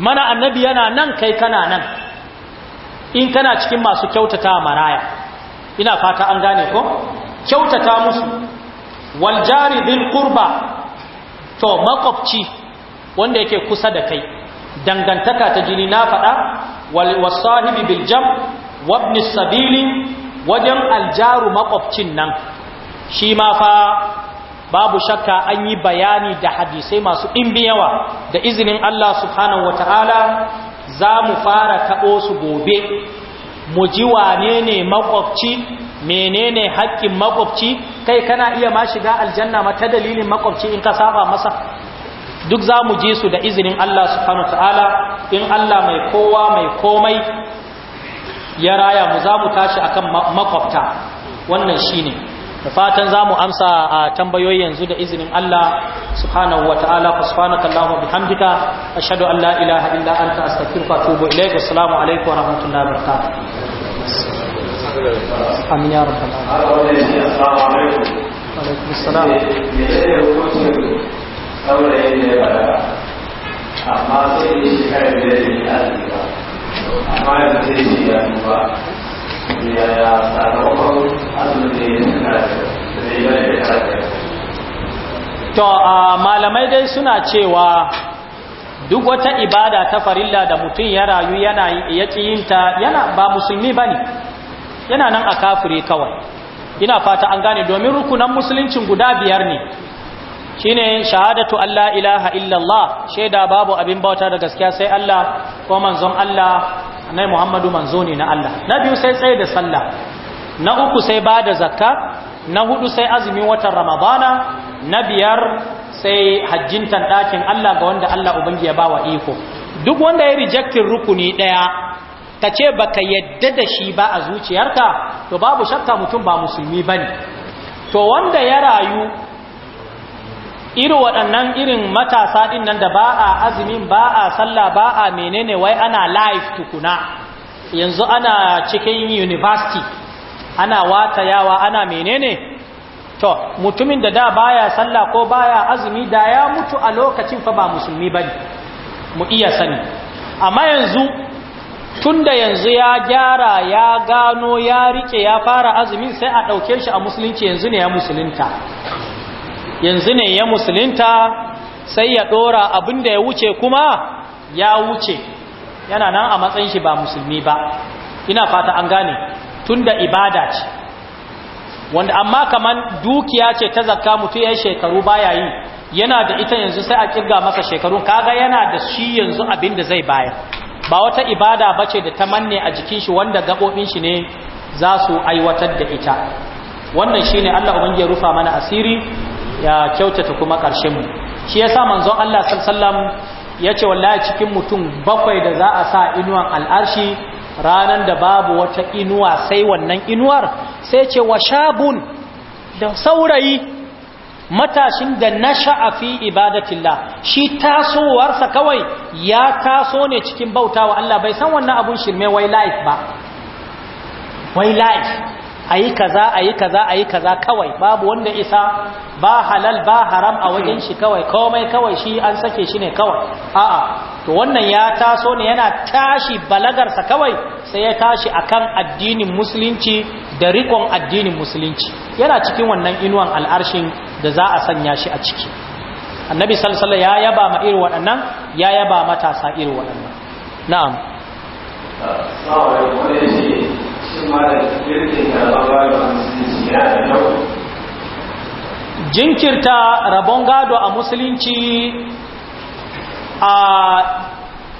A: mana annabi yana nan kai kana nan in kana cikin masu kyautata maraya ina fata an gane ko
B: kyautata musu
A: wal jari dhil qurba to makwabci wanda yake kusa da kai dangantaka ta jini na faɗa wal wasahibi bil jam wabni sabili wajen aljaru makwabcin nan shi ma fa babu shakka an yi bayani da hadisai masu ɗimbin yawa da izinin Allah subhanahu wataala za mu fara taɓo su gobe mu ji wane ne makwabci menene haƙƙin makwabci kai kana iya ma shiga aljanna ma ta dalilin makwabci in ka saba masa duk za mu ji su da izinin Allah subhanahu ta'ala in Allah mai kowa mai komai ya raya mu za mu tashi akan makwabta wannan shine da fatan zamu amsa a tambayoyi yanzu da izinin Allah subhanahu wa bihamdika ashhadu an la ilaha illa anta astaghfiruka wa atubu ilaik assalamu alaikum wa rahmatullahi wa
B: barakatuh amin ya rabbal alamin assalamu wa amma sai kai da amma ya ba To,
A: malamai dai suna cewa duk wata ibada ta farilla da mutum ya rayu yana ya yinta yana ba musulmi ba yana nan a kafire kawai. Ina fata an gane domin rukunan musuluncin guda biyar ne, shine shahadatu Allah ilaha illallah shaida babu abin bauta da gaskiya sai Allah ko manzon Allah annai Muhammadu manzo ne na Allah na biyu sai tsaye da sallah na uku sai bada zakka na hudu sai azumin watan Ramadana na biyar sai hajjintan ɗakin Allah ga wanda Allah ubangi ya bawa iko duk wanda ya rejectin rukuni daya ka ce baka yadda da shi ba a zuciyarka to babu shakka mutum ba musulmi bane to wanda ya rayu irin waɗannan irin matasa ɗin nan da ba a azumin ba a sallah ba a menene wai ana live tukuna yanzu ana cikin university ana wata yawa ana menene to mutumin da da baya sallah ko baya azumi da ya mutu a lokacin fa ba musulmi bane mu iya sani amma yanzu tunda yanzu ya gyara ya gano ya rike ya fara azumin sai a ɗauke shi a musulunci yanzu ne ya musulunta yanzu ne ya Musulinta sai ya ɗora abin da ya wuce kuma ya wuce yana nan a matsayin shi ba musulmi ba ina fata an gane tunda ibada ce wanda amma kaman dukiya ce ta zakka mutu ya shekaru baya yi yana da ita yanzu sai a kirga masa shekarun kaga yana da shi yanzu abin da zai bayar ba wata ibada ba ce da ta manne a jikin shi wanda gabobin shi ne za su aiwatar da ita wannan shi ne Allah ubangiji ya rufa mana asiri ya kyautata kuma ƙarshen mu shi yasa manzon Allah sallallahu yace wallahi cikin mutum bakwai da za a sa inuwan al'arshi ranan da babu wata inuwa sai wannan inuwar sai ce wa shabun da saurayi matashin da nasha'a fi ibadatillah shi tasowarsa kawai ya taso ne cikin bautawa Allah bai san wannan abun shirme wai life ba
B: wai life
A: ayi kaza ayi kaza ayi kaza kawai babu wanda isa ba halal ba haram a wajen shi kawai komai kawai shi an sake shi ne kawai a'a to wannan ya taso ne yana tashi balagarsa kawai sai ya tashi akan addinin musulunci da rikon addinin musulunci yana cikin wannan inuwan al'arshin da za a sanya shi a ciki annabi sallallahu ya yaba ma irin waɗannan ya yaba matasa irin waɗannan na'am jinkirta rabon gado a musulunci a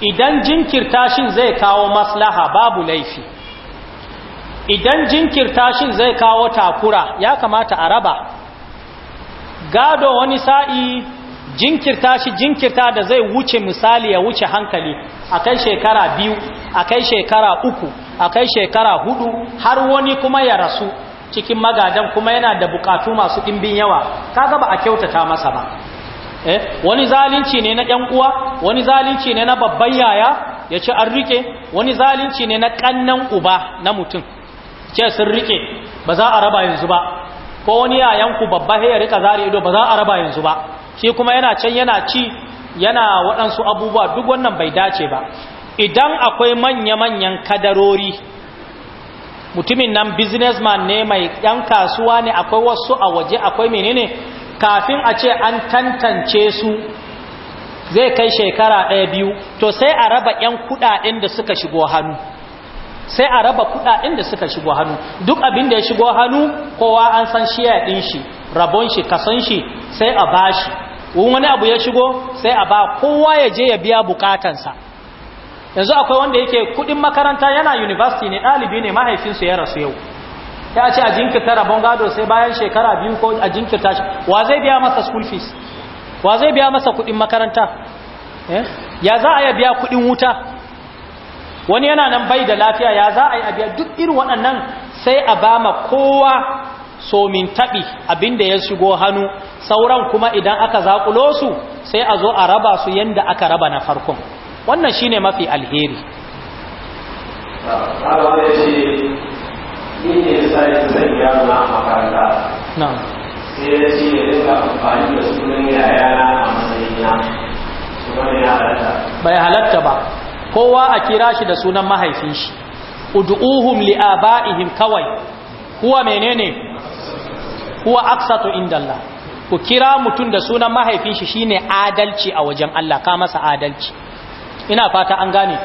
A: idan jinkirta shin zai kawo maslaha babu laifi idan jinkirta shin zai kawo takura ya kamata a raba gado wani sa'i jinkirta shi jinkirta da zai wuce misali ya wuce hankali a kai shekara biyu a kai shekara uku a kai shekara hudu har wani kuma ya rasu cikin magadan kuma yana da bukatu masu ɗimbin yawa kaga ba a kyautata masa ba eh, wani zalunci ne na ɗan uwa wani zalunci ne na babban yaya ya ci an rike wani zalunci ne na ƙannan uba na mutum ce sun rike ba za a raba yanzu ba ko wani yayanku babba ya rika zari ido ba za a raba yanzu ba shi kuma yana can yana ci yana waɗansu abubuwa duk wannan bai dace ba idan akwai manya-manyan kadarori mutumin nan businessman ne mai ɗan kasuwa ne akwai wasu a waje akwai menene kafin a ce an tantance su zai kai shekara ɗaya biyu to sai a raba 'yan kuɗaɗen da suka shigo hannu sai a raba kudaden da suka shigo hannu duk abin da ya shigo hannu kowa an san shiya din shi rabon shi kasan shi sai a bashi wani abu ya shigo sai a ba kowa ya je ya biya bukatansa yanzu akwai wanda yake kudin makaranta yana university ne dalibi ne mahaifinsu ya rasu yau ya ce a jinkirta rabon gado sai bayan shekara biyu ko a jinkirta shi wa zai biya masa school fees wa zai biya masa kudin makaranta eh? ya za a ya biya kudin wuta wani yana nan bai da lafiya ya za a yi abiya duk irin waɗannan sai a ba ma kowa somin taɓi abinda ya shigo hannu sauran kuma idan aka zaƙulo su sai a zo a raba su yadda aka raba na farkon wannan shi ne mafi alheri
B: sai ce ya a bai halatta
A: ba kowa a kira shi da sunan mahaifin shi ud'uhum li'aba'ihim kawai huwa menene huwa aqsatu indallah ku kira mutun da sunan mahaifin shi shine adalci a wajen Allah ka masa adalci ina fata an gane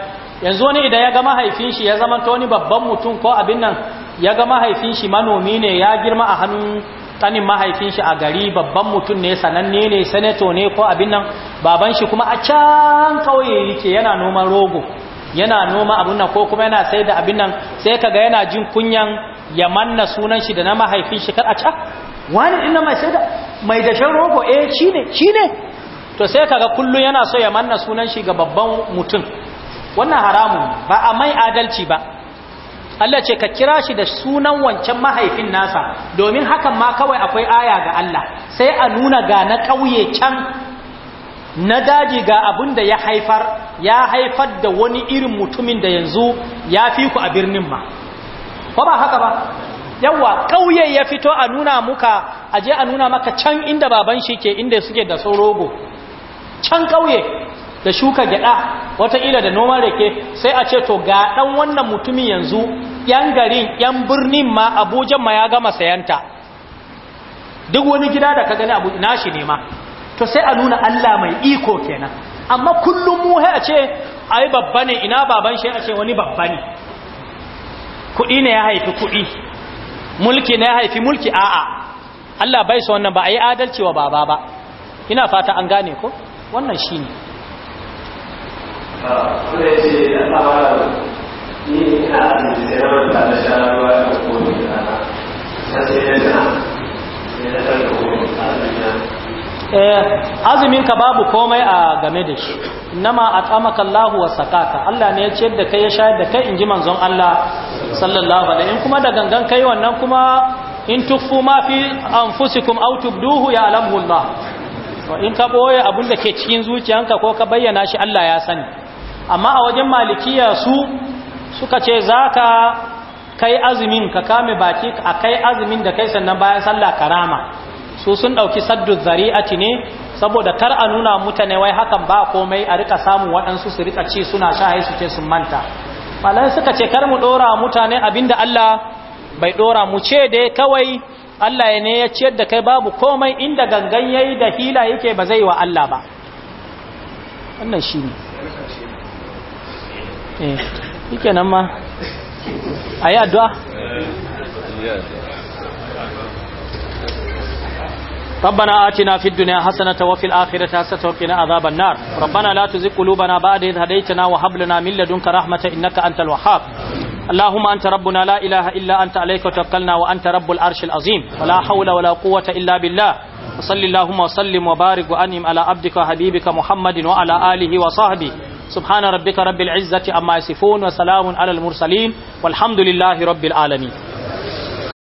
A: yanzu wani idan ya ga mahaifin shi ya zama to ni babban mutum ko abin nan ya ga mahaifin shi manomi ne ya girma a hannun kanin mahaifin shi a gari babban mutum ne sananne ne senator ne ko abin nan baban shi kuma a can kauye yake yana noma rogo yana noma abin nan ko kuma yana sai da abin nan sai kaga yana jin kunyan ya manna sunan shi da na mahaifin shi kar a can wani din mai sai da mai dashen rogo eh shine shine to sai kaga kullun yana so ya manna sunan shi ga babban mutum wannan haramun ba a mai adalci ba Allah ce ka kira shi da sunan wancan mahaifin nasa domin hakan ma kawai akwai aya ga Allah sai a nuna ga na ƙauye can na daji ga abin da ya haifar ya haifar da wani irin mutumin da yanzu ya fi ku a birnin ma ba ba haka ba yawa ƙauye ya fito a nuna muka aje a nuna maka can inda baban shi ke inda suke da tsorogo can ƙauye da shuka Wata wataƙila da noman rake sai a ce to ga ɗan wannan mutumin yanzu yan garin yan birnin ma abuja ma ya gama sayanta duk wani gida da ka gani abu ina shi ne ma to sai a nuna allah mai iko kenan amma kullum mu a ce ai babba ne ina baban shi a ce wani babba ne kuɗi ne ya haifi kuɗi mulki ne ya haifi mulki a'a allah bai sa wannan ba a yi adalci wa baba ba ina fata an gane ko wannan shi ne
B: ce eh, ni ina
A: da azumin ka babu komai a game da shi nama a Allahu wa sakaka Allah ne ya ce da kai ya shayar da kai in ji manzon Allah sallallahu alaihi in kuma da gangan kai wannan kuma in tuffu ma fi anfusikum aw tubduhu ya alamu Allah in ka boye abin da ke cikin zuciyanka ko ka bayyana shi Allah ya sani amma a wajen malikiya su suka ce za ka kai azumin ka kame baki a kai azumin da kai sannan bayan sallah karama su sun ɗauki saddu zari'ati ne saboda kar a nuna mutane wai hakan ba komai a rika samun waɗansu su rika ci suna sha su ce sun manta malai suka ce kar mu ɗora mutane abinda Allah bai ɗora mu ce dai kawai Allah ya ne ya ciyar da kai babu komai inda gangan yayi da hila yake ba zai wa Allah ba wannan shi eh yake nan ma a yi addu'a ربنا آتنا في الدنيا حسنة وفي الآخرة حسنة وقنا عذاب النار ربنا لا تزغ قلوبنا بعد إذ هديتنا وهب لنا من لدنك رحمة إنك أنت الوهاب اللهم أنت ربنا لا إله إلا أنت عليك توكلنا وأنت رب العرش العظيم ولا حول ولا قوة إلا بالله وصل اللهم وسلم وبارك وأنعم على عبدك وحبيبك محمد وعلى آله وصحبه subhana rabbika rabbil izzati amma yasifun wa salamun alal mursalin walhamdulillahi rabbil alamin